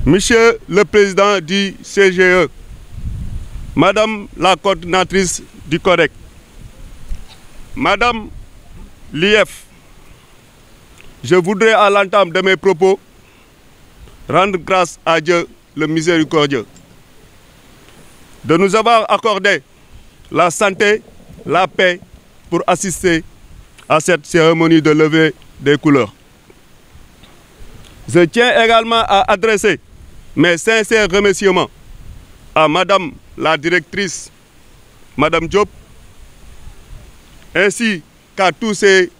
Monsieur le président du CGE, Madame la coordinatrice du COREC, Madame l'IEF. je voudrais à l'entame de mes propos rendre grâce à Dieu le miséricordieux de nous avoir accordé la santé, la paix pour assister à cette cérémonie de levée des couleurs. Je tiens également à adresser mes sincères remerciements à Madame la directrice, Madame Diop, ainsi qu'à tous ses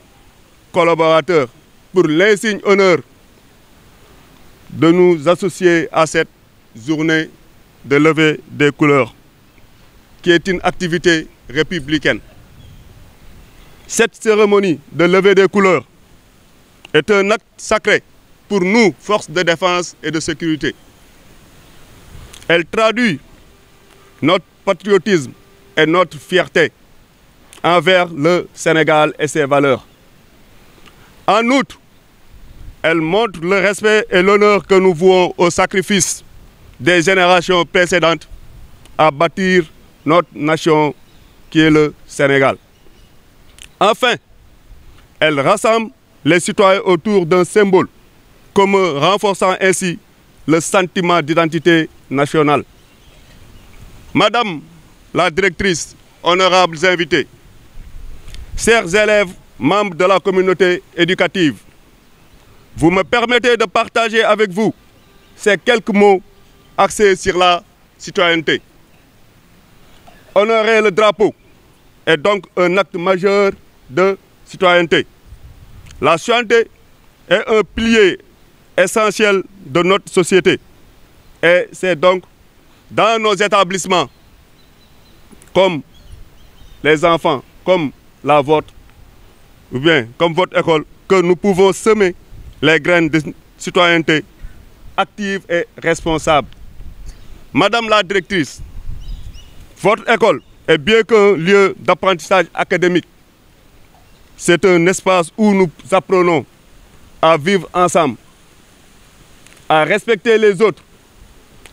collaborateurs pour l'insigne honneur de nous associer à cette journée de lever des couleurs, qui est une activité républicaine. Cette cérémonie de lever des couleurs est un acte sacré pour nous, forces de défense et de sécurité. Elle traduit notre patriotisme et notre fierté envers le Sénégal et ses valeurs. En outre, elle montre le respect et l'honneur que nous vouons au sacrifice des générations précédentes à bâtir notre nation qui est le Sénégal. Enfin, elle rassemble les citoyens autour d'un symbole comme renforçant ainsi le sentiment d'identité nationale. Madame la directrice, honorables invités, chers élèves, membres de la communauté éducative, vous me permettez de partager avec vous ces quelques mots axée sur la citoyenneté. Honorer le drapeau est donc un acte majeur de citoyenneté. La citoyenneté est un pilier essentiel de notre société. Et c'est donc dans nos établissements, comme les enfants, comme la vôtre, ou bien comme votre école, que nous pouvons semer les graines de citoyenneté active et responsable. Madame la directrice, votre école est bien qu'un lieu d'apprentissage académique. C'est un espace où nous apprenons à vivre ensemble, à respecter les autres,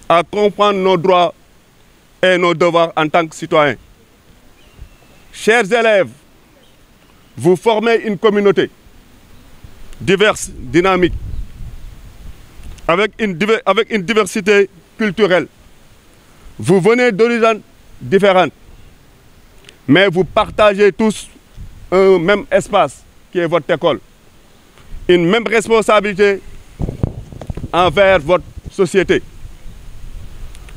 à comprendre nos droits et nos devoirs en tant que citoyens. Chers élèves, vous formez une communauté diverse, dynamique, avec une, avec une diversité culturelle, vous venez d'origines différentes, mais vous partagez tous un même espace qui est votre école. Une même responsabilité envers votre société.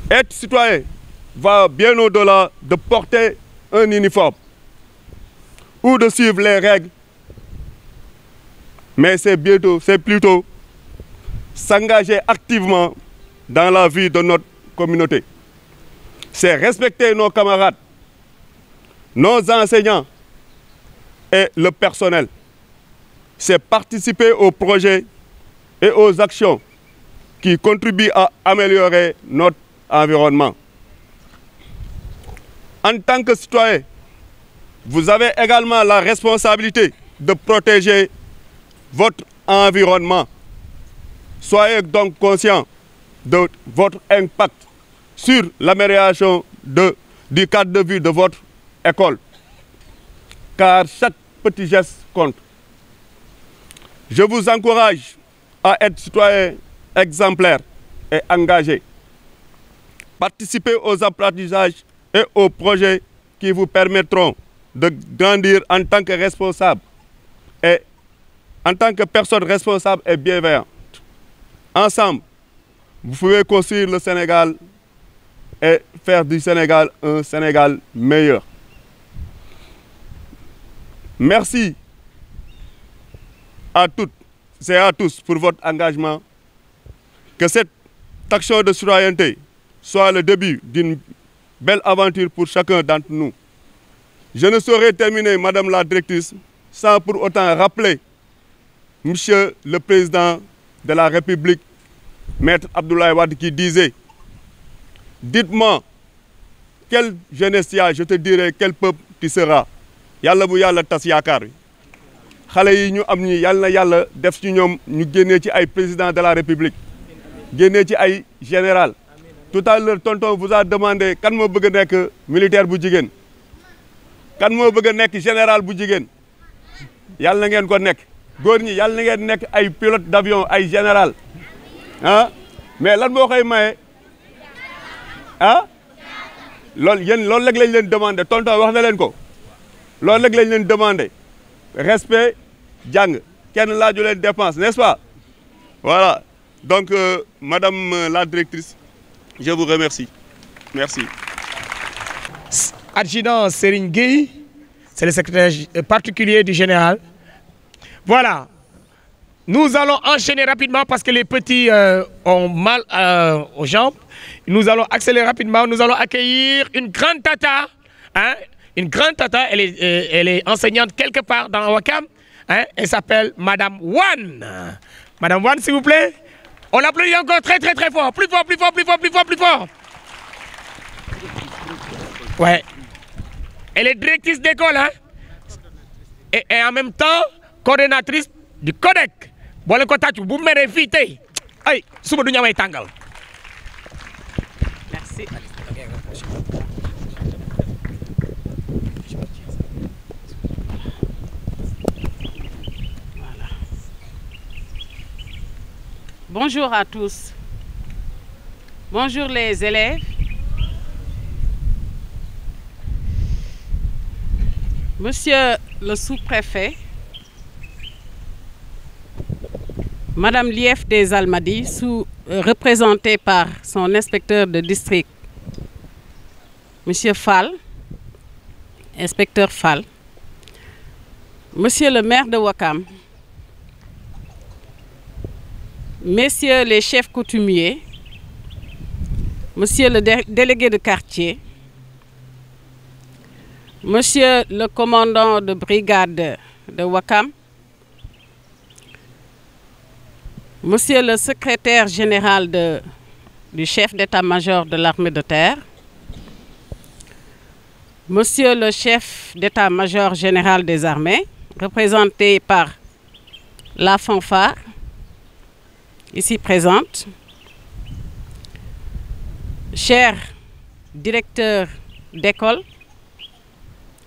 Être citoyen va bien au-delà de porter un uniforme ou de suivre les règles, mais c'est c'est plutôt s'engager activement dans la vie de notre communauté c'est respecter nos camarades, nos enseignants et le personnel. C'est participer aux projets et aux actions qui contribuent à améliorer notre environnement. En tant que citoyen, vous avez également la responsabilité de protéger votre environnement. Soyez donc conscient de votre impact sur l'amélioration du cadre de vie de votre école. Car chaque petit geste compte. Je vous encourage à être citoyen exemplaire et engagé. Participez aux apprentissages et aux projets qui vous permettront de grandir en tant que responsable et en tant que personne responsable et bienveillante. Ensemble, vous pouvez construire le Sénégal et faire du Sénégal un Sénégal meilleur. Merci à toutes et à tous pour votre engagement. Que cette action de citoyenneté soit le début d'une belle aventure pour chacun d'entre nous. Je ne saurais terminer, Madame la Directrice, sans pour autant rappeler Monsieur le Président de la République, Maître Abdoulaye Wade, qui disait dites-moi quelle jeunesse je te dirai quel peuple tu seras Yalla bu yalla tas yakar. bi xale yi ñu am ñi yalla yalla def ci ñom ñu génnee ci ay président de la république génnee ci ay général tout à l'heure tonton vous a demandé kan mo bëgg nek militaire bu jigéen kan mo bëgg nek général bu jigéen Yalla na ngeen ko nek. Goor ñi yalla na ngeen nek ay pilote d'avion ay général Hein. mais lan boo koy maye Hein ah? l'on yéen loolu rek lañ demandé tonton wax na Respect, ko loolu ce lañ leen respect dépense n'est-ce pas voilà donc euh, madame euh, la directrice je vous remercie merci adjudant Seringui, c'est le secrétaire euh, particulier du général voilà nous allons enchaîner rapidement parce que les petits euh, ont mal euh, aux jambes. Nous allons accélérer rapidement. Nous allons accueillir une grande tata. Hein. Une grande tata, euh, elle est, enseignante quelque part dans Wakam. Hein. Elle s'appelle Madame Wan. Madame Wan, s'il vous plaît. On l'applaudit encore très très très fort. Plus fort, plus fort, plus fort, plus fort, plus fort. Ouais. Elle est directrice d'école, hein. Et, et en même temps, coordonnatrice du CODEC boole ko tàccu bu meree fii tey ay suba du ñu amay Voilà. Bonjour à tous. Bonjour les élèves. Monsieur le sous-préfet, Madame Lief des Almadi, euh, représentée par son inspecteur de district, Monsieur Fall, inspecteur Fall, Monsieur le maire de Wakam, Messieurs les chefs coutumiers, Monsieur le délégué de quartier, Monsieur le commandant de brigade de Wakam, Monsieur le secrétaire général du chef d'état-major de l'armée de terre, Monsieur le chef d'état-major général des armées, représenté par la fanfare, ici présente, cher directeur d'école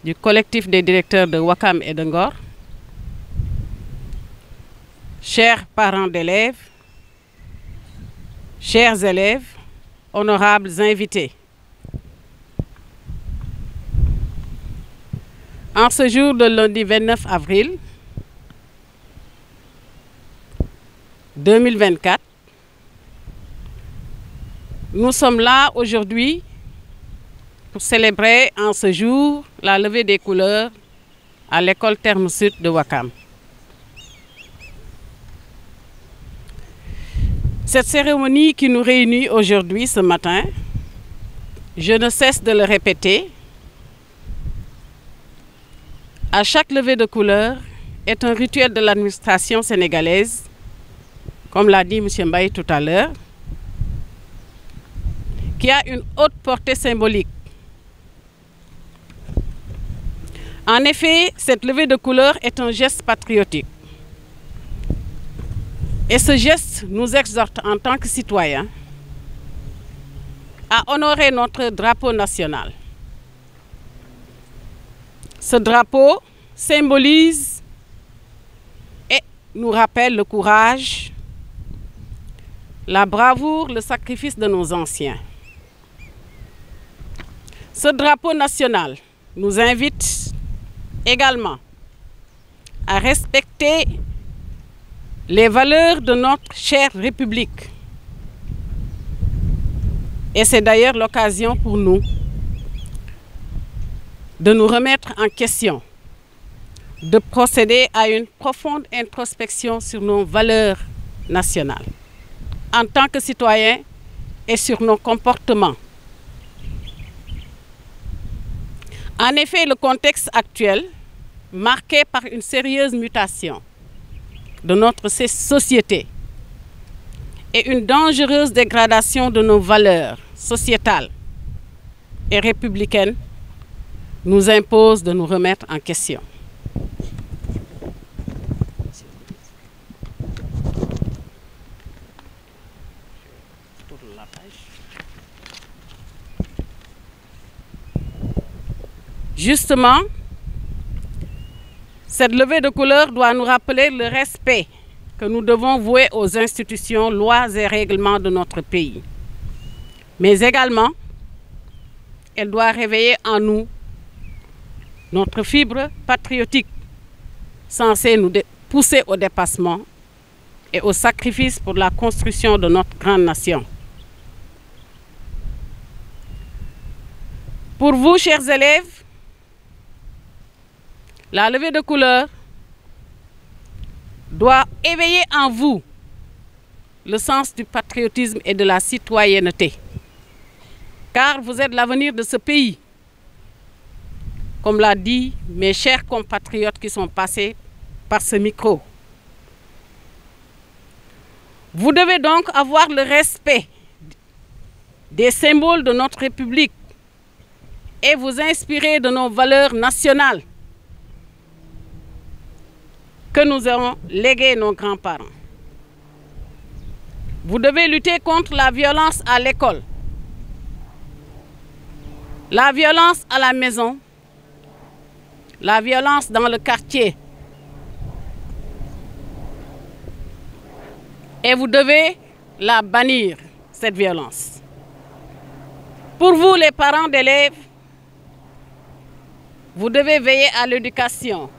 du collectif des directeurs de Wakam et d'ENGOR chers parents d'élèves, chers élèves, honorables invités. En ce jour de lundi 29 avril 2024, nous sommes là aujourd'hui pour célébrer en ce jour la levée des couleurs à l'école Terme Sud de Wakam. Cette cérémonie qui nous réunit aujourd'hui, ce matin, je ne cesse de le répéter, à chaque levée de couleur est un rituel de l'administration sénégalaise, comme l'a dit M. Mbaye tout à l'heure, qui a une haute portée symbolique. En effet, cette levée de couleur est un geste patriotique et ce geste nous exhorte en tant que citoyens à honorer notre drapeau national. Ce drapeau symbolise et nous rappelle le courage, la bravoure, le sacrifice de nos anciens. Ce drapeau national nous invite également à respecter les valeurs de notre chère République. Et c'est d'ailleurs l'occasion pour nous de nous remettre en question, de procéder à une profonde introspection sur nos valeurs nationales, en tant que citoyens et sur nos comportements. En effet, le contexte actuel, marqué par une sérieuse mutation, de notre société et une dangereuse dégradation de nos valeurs sociétales et républicaines nous impose de nous remettre en question. Justement, cette levée de couleur doit nous rappeler le respect que nous devons vouer aux institutions, lois et règlements de notre pays. Mais également, elle doit réveiller en nous notre fibre patriotique censée nous pousser au dépassement et au sacrifice pour la construction de notre grande nation. Pour vous, chers élèves, la levée de couleur doit éveiller en vous le sens du patriotisme et de la citoyenneté. Car vous êtes l'avenir de ce pays. Comme l'a dit mes chers compatriotes qui sont passés par ce micro. Vous devez donc avoir le respect des symboles de notre République et vous inspirer de nos valeurs nationales que nous avons légué nos grands-parents. Vous devez lutter contre la violence à l'école, la violence à la maison, la violence dans le quartier. Et vous devez la bannir, cette violence. Pour vous, les parents d'élèves, vous devez veiller à l'éducation,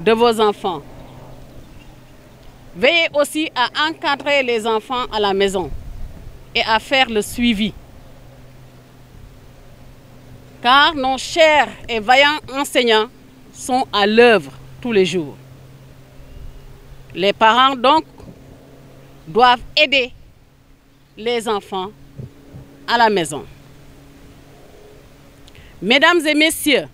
de vos enfants. Veillez aussi à encadrer les enfants à la maison et à faire le suivi. Car nos chers et vaillants enseignants sont à l'œuvre tous les jours. Les parents donc doivent aider les enfants à la maison. Mesdames et messieurs,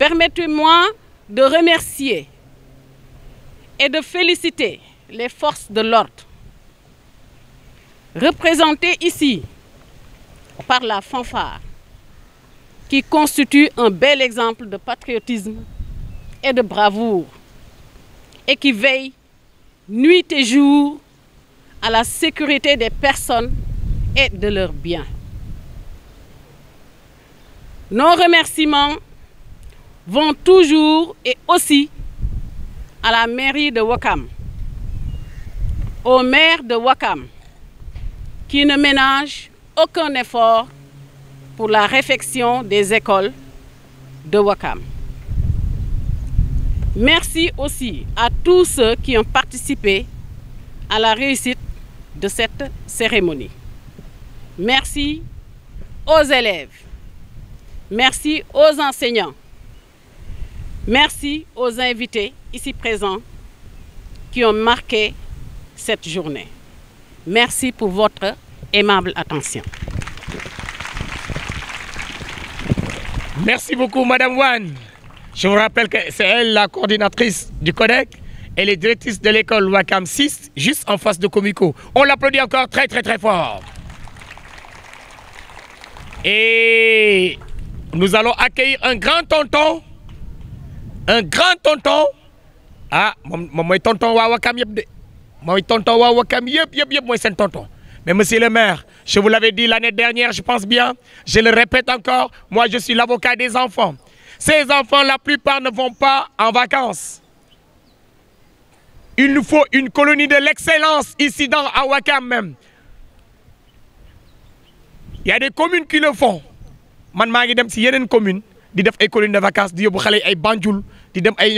Permettez-moi de remercier et de féliciter les forces de l'ordre représentées ici par la fanfare qui constitue un bel exemple de patriotisme et de bravoure et qui veille nuit et jour à la sécurité des personnes et de leurs biens. Nos remerciements vont toujours et aussi à la mairie de Wakam, au maire de Wakam, qui ne ménage aucun effort pour la réfection des écoles de Wakam. Merci aussi à tous ceux qui ont participé à la réussite de cette cérémonie. Merci aux élèves, merci aux enseignants, Merci aux invités ici présents qui ont marqué cette journée. Merci pour votre aimable attention. Merci beaucoup, Madame Wan. Je vous rappelle que c'est elle la coordinatrice du CODEC. et les directrices de l'école Wacam 6, juste en face de Comico. On l'applaudit encore très, très, très fort. Et nous allons accueillir un grand tonton un grand tonton ah mon, moi tonton tonton tonton mais monsieur le maire je vous l'avais dit l'année dernière je pense bien je le répète encore moi je suis l'avocat des enfants ces enfants la plupart ne vont pas en vacances il nous faut une colonie de l'excellence ici dans Awakam même il y a des communes qui le font man dem commune di def ay de vacances mais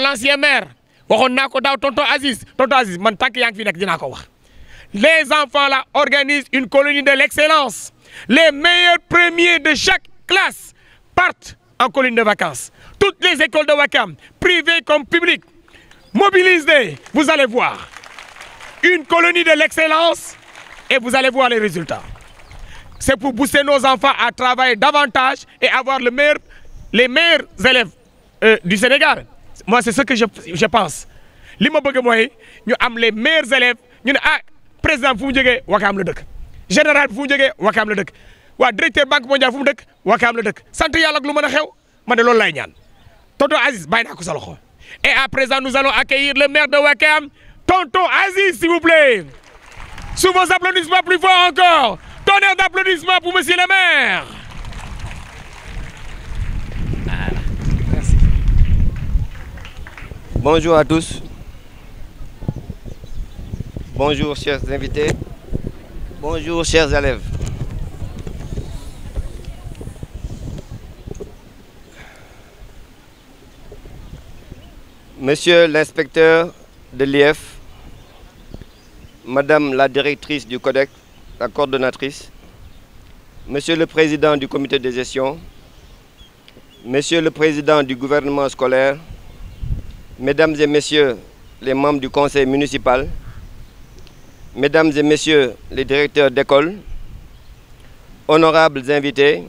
l'ancien maire Aziz Aziz les enfants là organisent une colonie de l'excellence les meilleurs premiers de chaque classe partent en colonie de vacances toutes les écoles de Wakam privées comme publiques mobilisées vous allez voir une colonie de l'excellence et vous allez voir les résultats c'est pour booster nos enfants à travailler davantage et avoir le meilleur, les meilleurs élèves euh, du Sénégal. Moi, c'est ce que je, pense. Ce que je veux, nous avons les meilleurs élèves. Nous avons ah, président Fou Wakam le Général Fou Wakam le Dek. Wa, directeur Banque mondiale Wakam le Dek. Santé Yalla, de nyan. Tonton Aziz, bayna ko Et à présent, nous allons accueillir le maire de Wakam, Tonton Aziz, s'il vous plaît. Sous vos applaudissements plus forts encore tonnerre d'applaudissements pour monsieur le maire. Merci. Bonjour à tous. Bonjour chers invités. Bonjour chers élèves. Monsieur l'inspecteur de l'IF, Madame la directrice du Codex, la coordonnatrice, Monsieur le Président du comité de gestion, Monsieur le Président du gouvernement scolaire, Mesdames et Messieurs les membres du conseil municipal, Mesdames et Messieurs les directeurs d'école, honorables invités,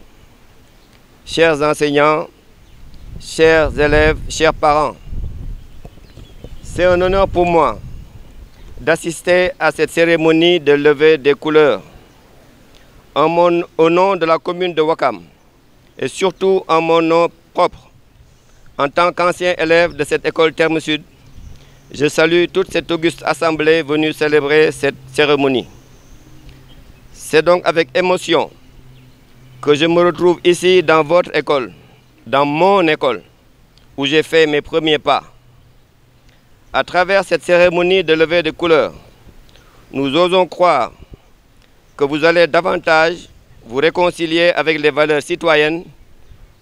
chers enseignants, chers élèves, chers parents, c'est un honneur pour moi d'assister à cette cérémonie de levée des couleurs. En au nom de la commune de Wakam et surtout en mon nom propre, en tant qu'ancien élève de cette école Terme Sud, je salue toute cette auguste assemblée venue célébrer cette cérémonie. C'est donc avec émotion que je me retrouve ici dans votre école, dans mon école, où j'ai fait mes premiers pas. À travers cette cérémonie de levée de couleurs, nous osons croire que vous allez davantage vous réconcilier avec les valeurs citoyennes,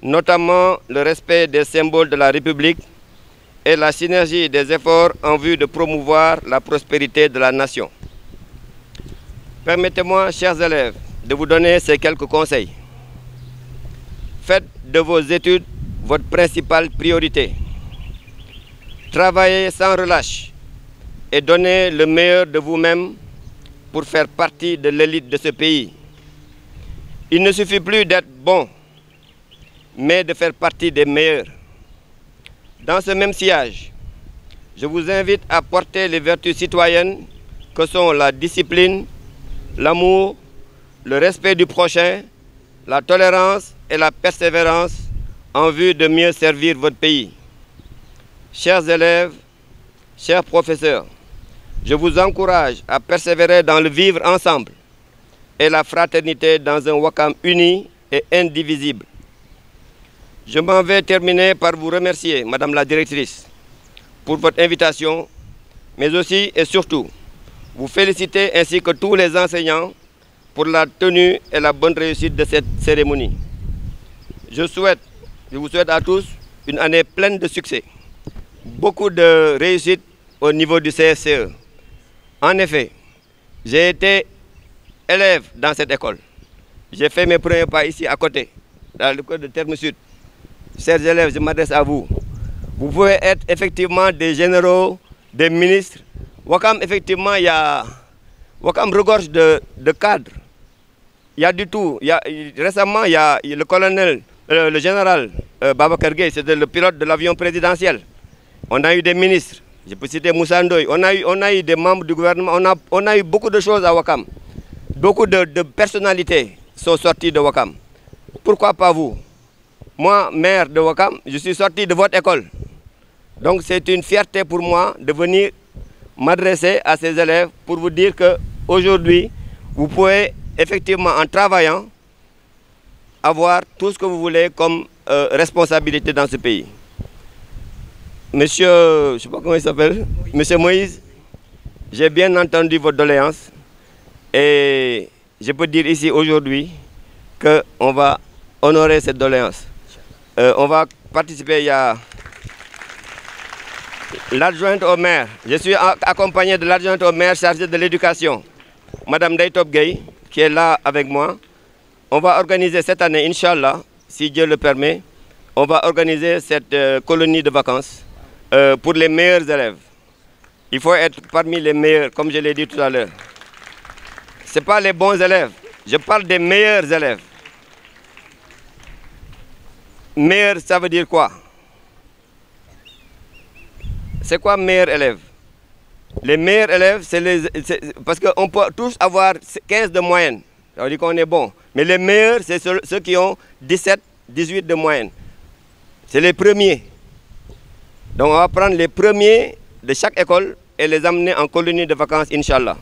notamment le respect des symboles de la République et la synergie des efforts en vue de promouvoir la prospérité de la nation. Permettez-moi, chers élèves, de vous donner ces quelques conseils. Faites de vos études votre principale priorité. Travaillez sans relâche et donnez le meilleur de vous-même pour faire partie de l'élite de ce pays. Il ne suffit plus d'être bon, mais de faire partie des meilleurs. Dans ce même sillage, je vous invite à porter les vertus citoyennes que sont la discipline, l'amour, le respect du prochain, la tolérance et la persévérance en vue de mieux servir votre pays. Chers élèves, chers professeurs, je vous encourage à persévérer dans le vivre ensemble et la fraternité dans un Wakam uni et indivisible. Je m'en vais terminer par vous remercier, Madame la Directrice, pour votre invitation, mais aussi et surtout vous féliciter ainsi que tous les enseignants pour la tenue et la bonne réussite de cette cérémonie. Je, souhaite, je vous souhaite à tous une année pleine de succès beaucoup de réussite au niveau du CSCE. En effet, j'ai été élève dans cette école. J'ai fait mes premiers pas ici à côté, dans l'école de Terme Sud. Chers élèves, je m'adresse à vous. Vous pouvez être effectivement des généraux, des ministres. Wakam, effectivement, il y a... Wakam regorge de, cadres. Il y a du tout. récemment, il y a le colonel, euh, le général euh, Baba Kergué, c'était le pilote de l'avion présidentiel. On a eu des ministres, je peux citer Moussa on a eu, on a eu des membres du gouvernement, on a, on a eu beaucoup de choses à Wakam. Beaucoup de, personnalités sont sorties de Wakam. Pourquoi pas vous Moi, maire de Wakam, je suis sorti de votre école. Donc c'est une fierté pour moi de venir m'adresser à ces élèves pour vous dire qu'aujourd'hui, vous pouvez effectivement, en travaillant, avoir tout ce que vous voulez comme euh, responsabilité dans ce pays. Monsieur, je ne sais pas comment il s'appelle, Monsieur Moïse, j'ai bien entendu votre doléance et je peux dire ici aujourd'hui qu'on va honorer cette doléance. Euh, on va participer, à l'adjointe au maire. Je suis accompagné de l'adjointe au maire chargée de l'éducation, Madame Daytop Gay, qui est là avec moi. On va organiser cette année, Inch'Allah, si Dieu le permet, on va organiser cette euh, colonie de vacances euh, pour les meilleurs élèves. Il faut être parmi les meilleurs, comme je l'ai dit tout à l'heure. Ce n'est pas les bons élèves, je parle des meilleurs élèves. Meilleur, ça veut dire quoi C'est quoi meilleur élève Les meilleurs élèves, c'est les... Parce qu'on peut tous avoir 15 de moyenne, on dit qu'on est bon. Mais les meilleurs, c'est ceux qui ont 17, 18 de moyenne. C'est les premiers. Donc on va prendre les premiers de chaque école et les amener en colonie de vacances, Inch'Allah.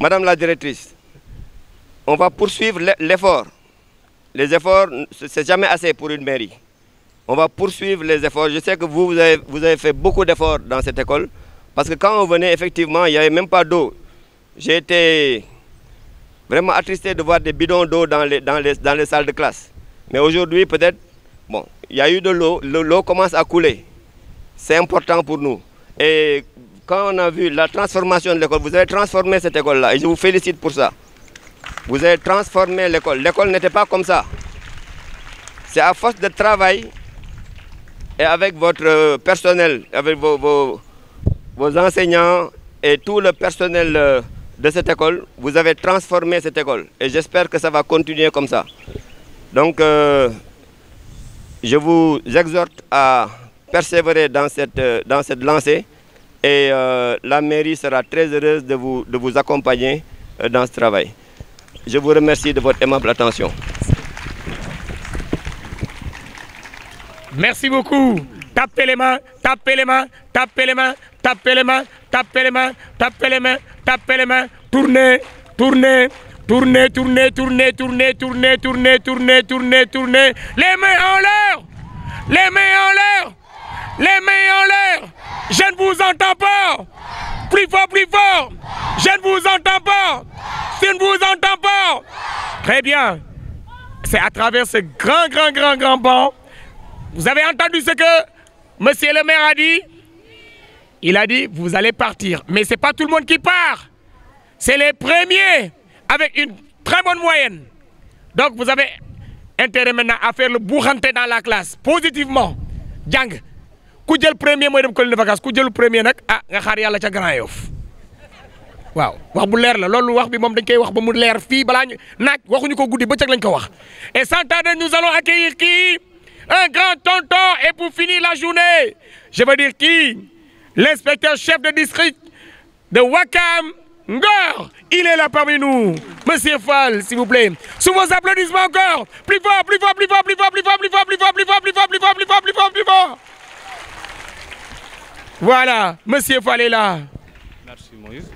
Madame la directrice, on va poursuivre l'effort. Les efforts, c'est jamais assez pour une mairie. On va poursuivre les efforts. Je sais que vous, avez, vous avez fait beaucoup d'efforts dans cette école. Parce que quand on venait, effectivement, il n'y avait même pas d'eau. J'étais vraiment attristé de voir des bidons d'eau dans les, dans, dans les salles de classe. Mais aujourd'hui, peut-être, bon, il y a eu de l'eau. L'eau commence à couler. C'est important pour nous. Et quand on a vu la transformation de l'école, vous avez transformé cette école-là et je vous félicite pour ça. Vous avez transformé l'école. L'école n'était pas comme ça. C'est à force de travail et avec votre euh, personnel, avec vos, vos, enseignants et tout le personnel euh, de cette école, vous avez transformé cette école. Et j'espère que ça va continuer comme ça. Donc, euh, je vous exhorte à persévérer dans cette, euh, dans cette lancée et euh, la mairie sera très heureuse de vous, de vous accompagner euh, dans ce travail. Je vous remercie de votre aimable attention. Merci beaucoup. Tapez les mains, tapez les mains, tapez les mains, tapez les mains, tapez les mains, tapez les mains, tapez les mains, tournez, tournez. Tournez, tournez, tournez, tournez, tournez, tournez, tournez, tournez, tournez. Les mains en l'air Les mains en l'air les mains en l'air. Je ne vous entends pas. Plus fort, plus fort. Je ne vous entends pas. Je ne vous entends pas. Très bien. C'est à travers ce grand, grand, grand, grand banc. Vous avez entendu ce que monsieur le maire a dit Il a dit, vous allez partir. Mais ce n'est pas tout le monde qui part. C'est les premiers avec une très bonne moyenne. Donc vous avez intérêt maintenant à faire le bourranté dans la classe, positivement. Gang ku jël premier à dem colline de vacances ku jël premier nak ah nga xaar yalla ca Grand Yoff waaw wax bu leer la lolou wax bi mom dañ koy wax ba mu leer fi balaa ñu naaj waxuñu ko guddi bëccëg lañ ko wax et sans tarder nous allons accueillir qui un grand tonton et pour finir la journée je veux dire qui l'inspecteur chef de district de Wakam Ngor il est là parmi nous monsieur Fall s'il vous plaît sous vos applaudissements encore plus fort plus fort plus fort plus fort plus fort plus fort plus fort plus fort plus fort plus fort plus fort plus fort plus fort voilà, Monsieur Falela. Merci Moïse.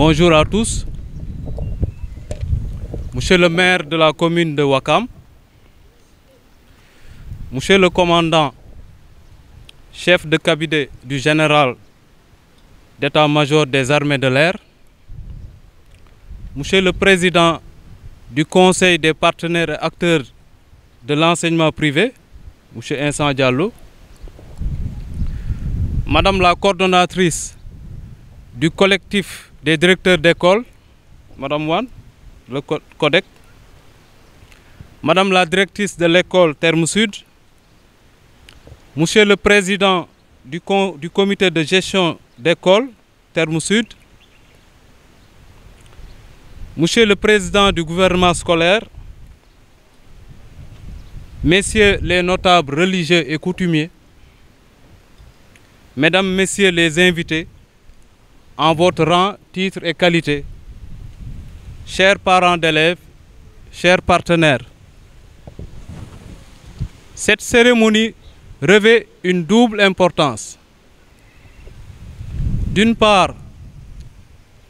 Bonjour à tous. Monsieur le maire de la commune de Wakam, Monsieur le commandant, chef de cabinet du général d'état-major des armées de l'air, Monsieur le président du Conseil des partenaires et acteurs de l'enseignement privé, M. Insan Diallo, Madame la coordonnatrice du collectif des directeurs d'école, Madame Wan, le CODEC, Madame la directrice de l'école Terme Sud, Monsieur le président du, du comité de gestion d'école Terme Sud, Monsieur le Président du gouvernement scolaire, Messieurs les notables religieux et coutumiers, Mesdames, Messieurs les invités, en votre rang, titre et qualité, chers parents d'élèves, chers partenaires, cette cérémonie revêt une double importance. D'une part,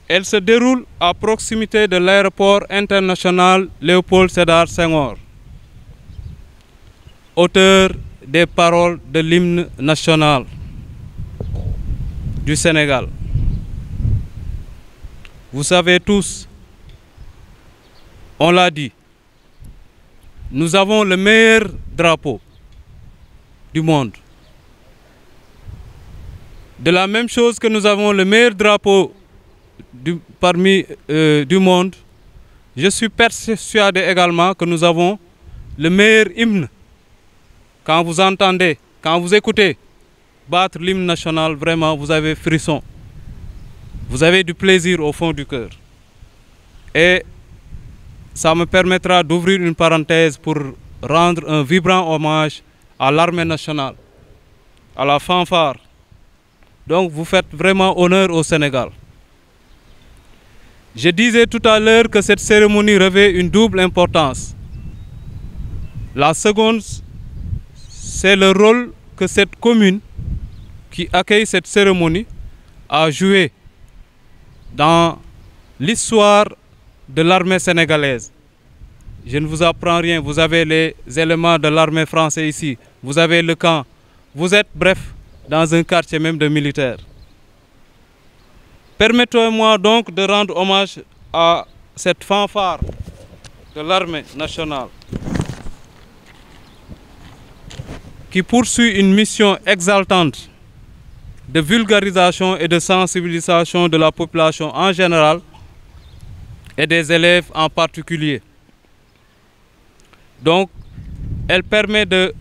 elle se déroule à proximité de l'aéroport international Léopold Sédar Senghor, auteur des paroles de l'hymne national du Sénégal. Vous savez tous, on l'a dit, nous avons le meilleur drapeau du monde. De la même chose que nous avons le meilleur drapeau parmi, euh, du monde, je suis persuadé également que nous avons le meilleur hymne. Quand vous entendez, quand vous écoutez battre l'hymne national, vraiment, vous avez frisson. Vous avez du plaisir au fond du cœur. Et ça me permettra d'ouvrir une parenthèse pour rendre un vibrant hommage à l'armée nationale, à la fanfare. Donc vous faites vraiment honneur au Sénégal. Je disais tout à l'heure que cette cérémonie revêt une double importance. La seconde, c'est le rôle que cette commune qui accueille cette cérémonie a joué dans l'histoire de l'armée sénégalaise. Je ne vous apprends rien, vous avez les éléments de l'armée française ici, vous avez le camp, vous êtes bref dans un quartier même de militaires. Permettez-moi donc de rendre hommage à cette fanfare de l'armée nationale qui poursuit une mission exaltante de vulgarisation et de sensibilisation de la population en général et des élèves en particulier. Donc, elle permet de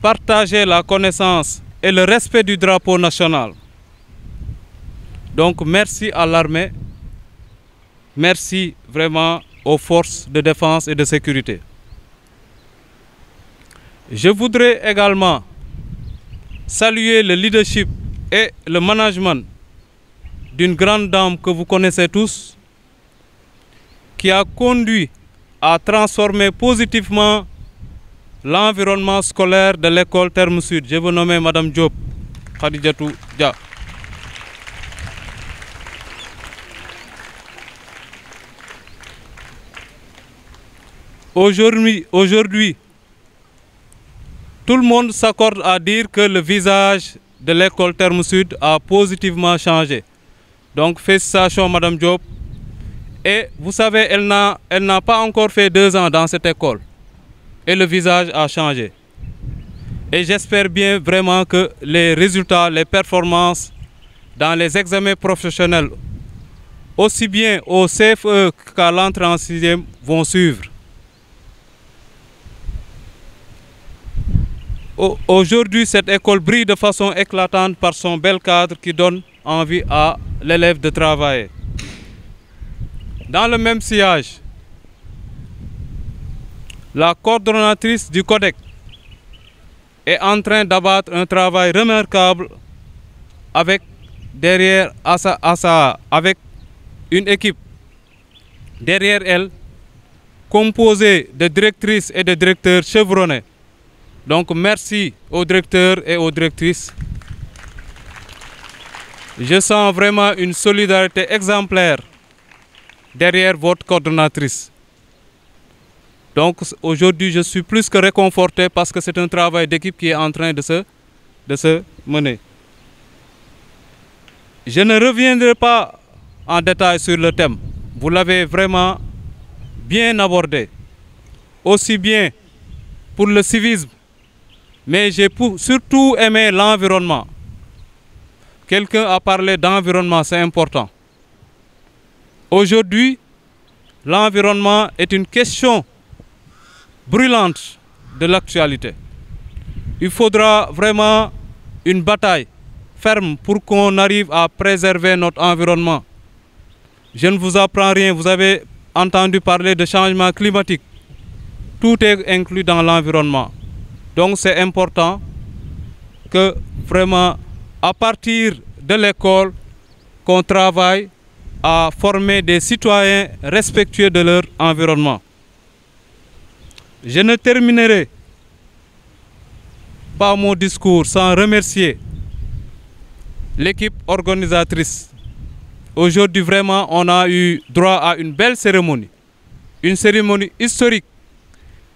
partager la connaissance et le respect du drapeau national donc merci à l'armée, merci vraiment aux forces de défense et de sécurité. Je voudrais également saluer le leadership et le management d'une grande dame que vous connaissez tous, qui a conduit à transformer positivement l'environnement scolaire de l'école Terme Sud. Je vous nommer Madame Diop, Khadijatou Dia. Aujourd'hui, tout le monde s'accorde à dire que le visage de l'école Terme Sud a positivement changé. Donc félicitations Madame Job, Et vous savez, elle n'a, pas encore fait deux ans dans cette école. Et le visage a changé. Et j'espère bien vraiment que les résultats, les performances dans les examens professionnels, aussi bien au CFE qu'à l'entrée en 6e, vont suivre. Aujourd'hui, cette école brille de façon éclatante par son bel cadre qui donne envie à l'élève de travailler. Dans le même sillage, la coordonnatrice du CODEC est en train d'abattre un travail remarquable avec derrière avec une équipe derrière elle composée de directrices et de directeurs chevronnés donc merci aux directeurs et aux directrices. Je sens vraiment une solidarité exemplaire derrière votre coordonnatrice. Donc aujourd'hui, je suis plus que réconforté parce que c'est un travail d'équipe qui est en train de se, de se mener. Je ne reviendrai pas en détail sur le thème. Vous l'avez vraiment bien abordé. Aussi bien pour le civisme mais j'ai surtout aimé l'environnement. Quelqu'un a parlé d'environnement, c'est important. Aujourd'hui, l'environnement est une question brûlante de l'actualité. Il faudra vraiment une bataille ferme pour qu'on arrive à préserver notre environnement. Je ne vous apprends rien, vous avez entendu parler de changement climatique. Tout est inclus dans l'environnement. Donc c'est important que vraiment à partir de l'école qu'on travaille à former des citoyens respectueux de leur environnement. Je ne terminerai pas mon discours sans remercier l'équipe organisatrice. Aujourd'hui vraiment on a eu droit à une belle cérémonie, une cérémonie historique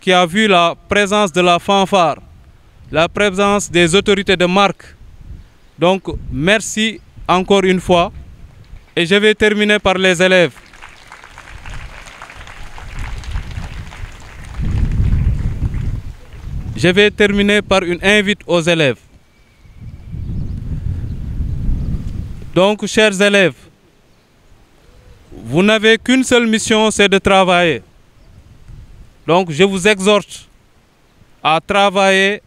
qui a vu la présence de la fanfare, la présence des autorités de marque. Donc, merci encore une fois. Et je vais terminer par les élèves. Je vais terminer par une invite aux élèves. Donc, chers élèves, vous n'avez qu'une seule mission, c'est de travailler. Donc je vous exhorte à travailler,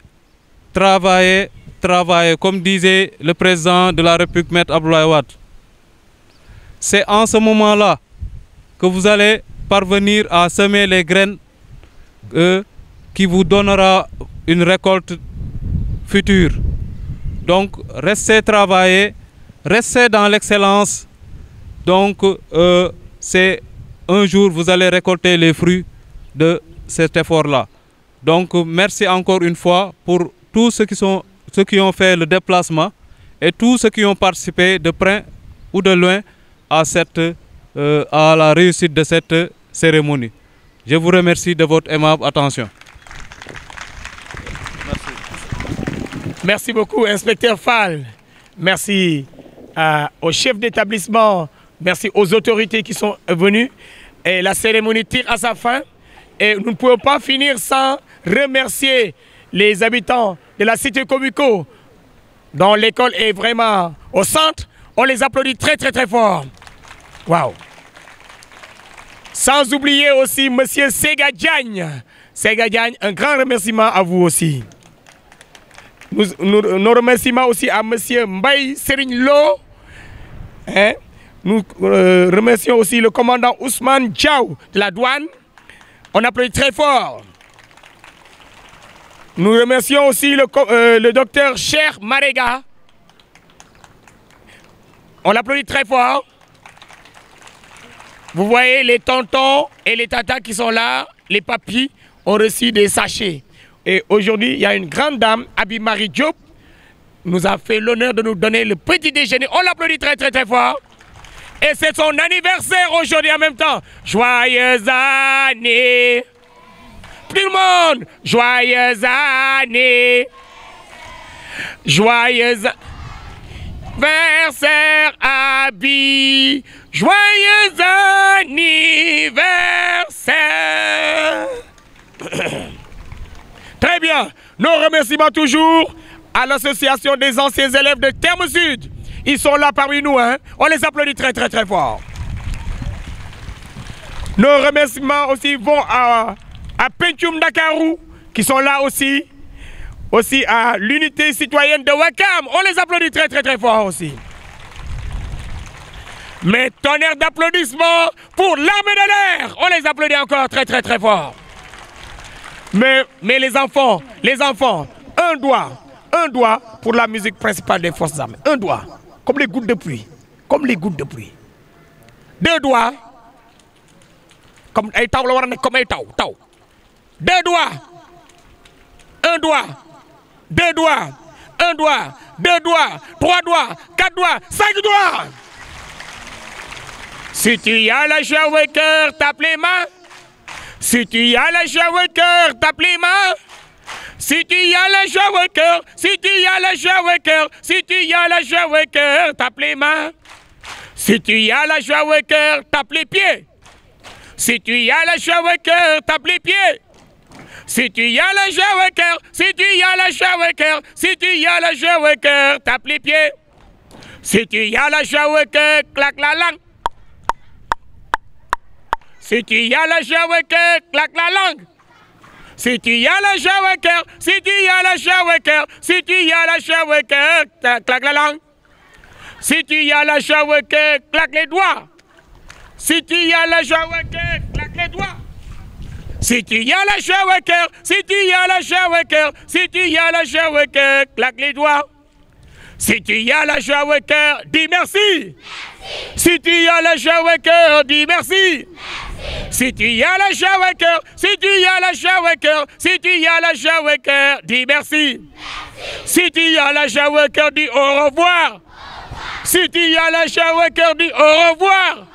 travailler, travailler, comme disait le président de la République, Maître Abdoulaye C'est en ce moment-là que vous allez parvenir à semer les graines euh, qui vous donnera une récolte future. Donc restez travailler, restez dans l'excellence. Donc euh, c'est un jour vous allez récolter les fruits de cet effort-là. Donc merci encore une fois pour tous ceux qui, sont, ceux qui ont fait le déplacement et tous ceux qui ont participé de près ou de loin à, cette, euh, à la réussite de cette cérémonie. Je vous remercie de votre aimable attention. Merci, beaucoup, inspecteur Fall. Merci aux euh, au chef d'établissement. Merci aux autorités qui sont venues. Et la cérémonie tire à sa fin. Et nous ne pouvons pas finir sans remercier les habitants de la cité Komiko, dont l'école est vraiment au centre. On les applaudit très très très fort. Waouh Sans oublier aussi M. Sega Diagne. Sega un grand remerciement à vous aussi. Nous, nos remerciements aussi à M. Mbaye Serigne hein. Nous euh, remercions aussi le commandant Ousmane Djaou de la douane. On applaudit très fort. Nous remercions aussi euh, le, docteur Cher Marega. On l'applaudit très fort. Vous voyez les tontons et les tatas qui sont là, les papis ont reçu des sachets. Et aujourd'hui, il y a une grande dame, Abimari Diop, nous a fait l'honneur de nous donner le petit déjeuner. On l'applaudit très très très fort. Et c'est son anniversaire aujourd'hui en même temps. Joyeuse année. Tout le monde, joyeuse année. Joyeuse anniversaire, Abby. Joyeux anniversaire. [COUGHS] Très bien. Nos remerciements toujours à l'association des anciens élèves de Terme Sud. Ils sont là parmi nous. Hein. On les applaudit très très très fort. Nos remerciements aussi vont à, à Pentium Dakarou, qui sont là aussi. Aussi à l'unité citoyenne de Wakam. On les applaudit très très très fort aussi. Mais tonnerre d'applaudissements pour l'armée de l'air. On les applaudit encore très très très fort. Mais, mais les enfants, les enfants, un doigt, un doigt pour la musique principale des forces armées. Un doigt comme les gouttes de pluie comme les gouttes de pluie deux doigts comme ay taw comme taw deux doigts un doigt deux doigts un doigt deux doigts trois doigts quatre doigts cinq doigts si tu as la joie au cœur tape les mains si tu y as la joie au cœur tape les mains si tu y as la joie au cœur, si tu y as la joie au cœur, si tu y as la joie au cœur, tape les mains. Si tu y as la joie au cœur, tape les pieds. Si tu y as la joie au cœur, tape les pieds. Si tu y as la joie au cœur, si tu y as la joie au cœur, si tu y as la joie au cœur, tape les pieds. Si tu y as la joie au cœur, claque la langue. Si tu y as la joie au cœur, claque la langue. Si tu y as chèvre cœur si tu y as la cœur si tu y as chèvre cœur claque la langue. Si tu y as chèvre cœur claque les doigts. Si tu y as la cœur claque les doigts. Si tu y as chèvre cœur si tu y as la cœur si tu y as chèvre cœur claque les doigts. Si tu y as chèvre cœur dis merci. Si tu y as chèvre cœur dis merci. Si tu y as la joie cœur, si tu y as la joie cœur, si tu y as la joie cœur, dis merci. merci. Si tu y as la joie cœur, dis au revoir. Si tu y as la joie cœur, dis au revoir.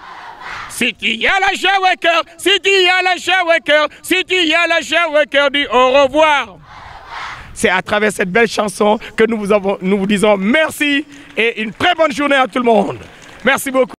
Si tu y as la joie cœur, si tu y as la joie cœur, si tu y as la joie cœur, dis au revoir. C'est à travers cette belle chanson que nous vous, avons, nous vous disons merci et une très bonne journée à tout le monde. Merci beaucoup.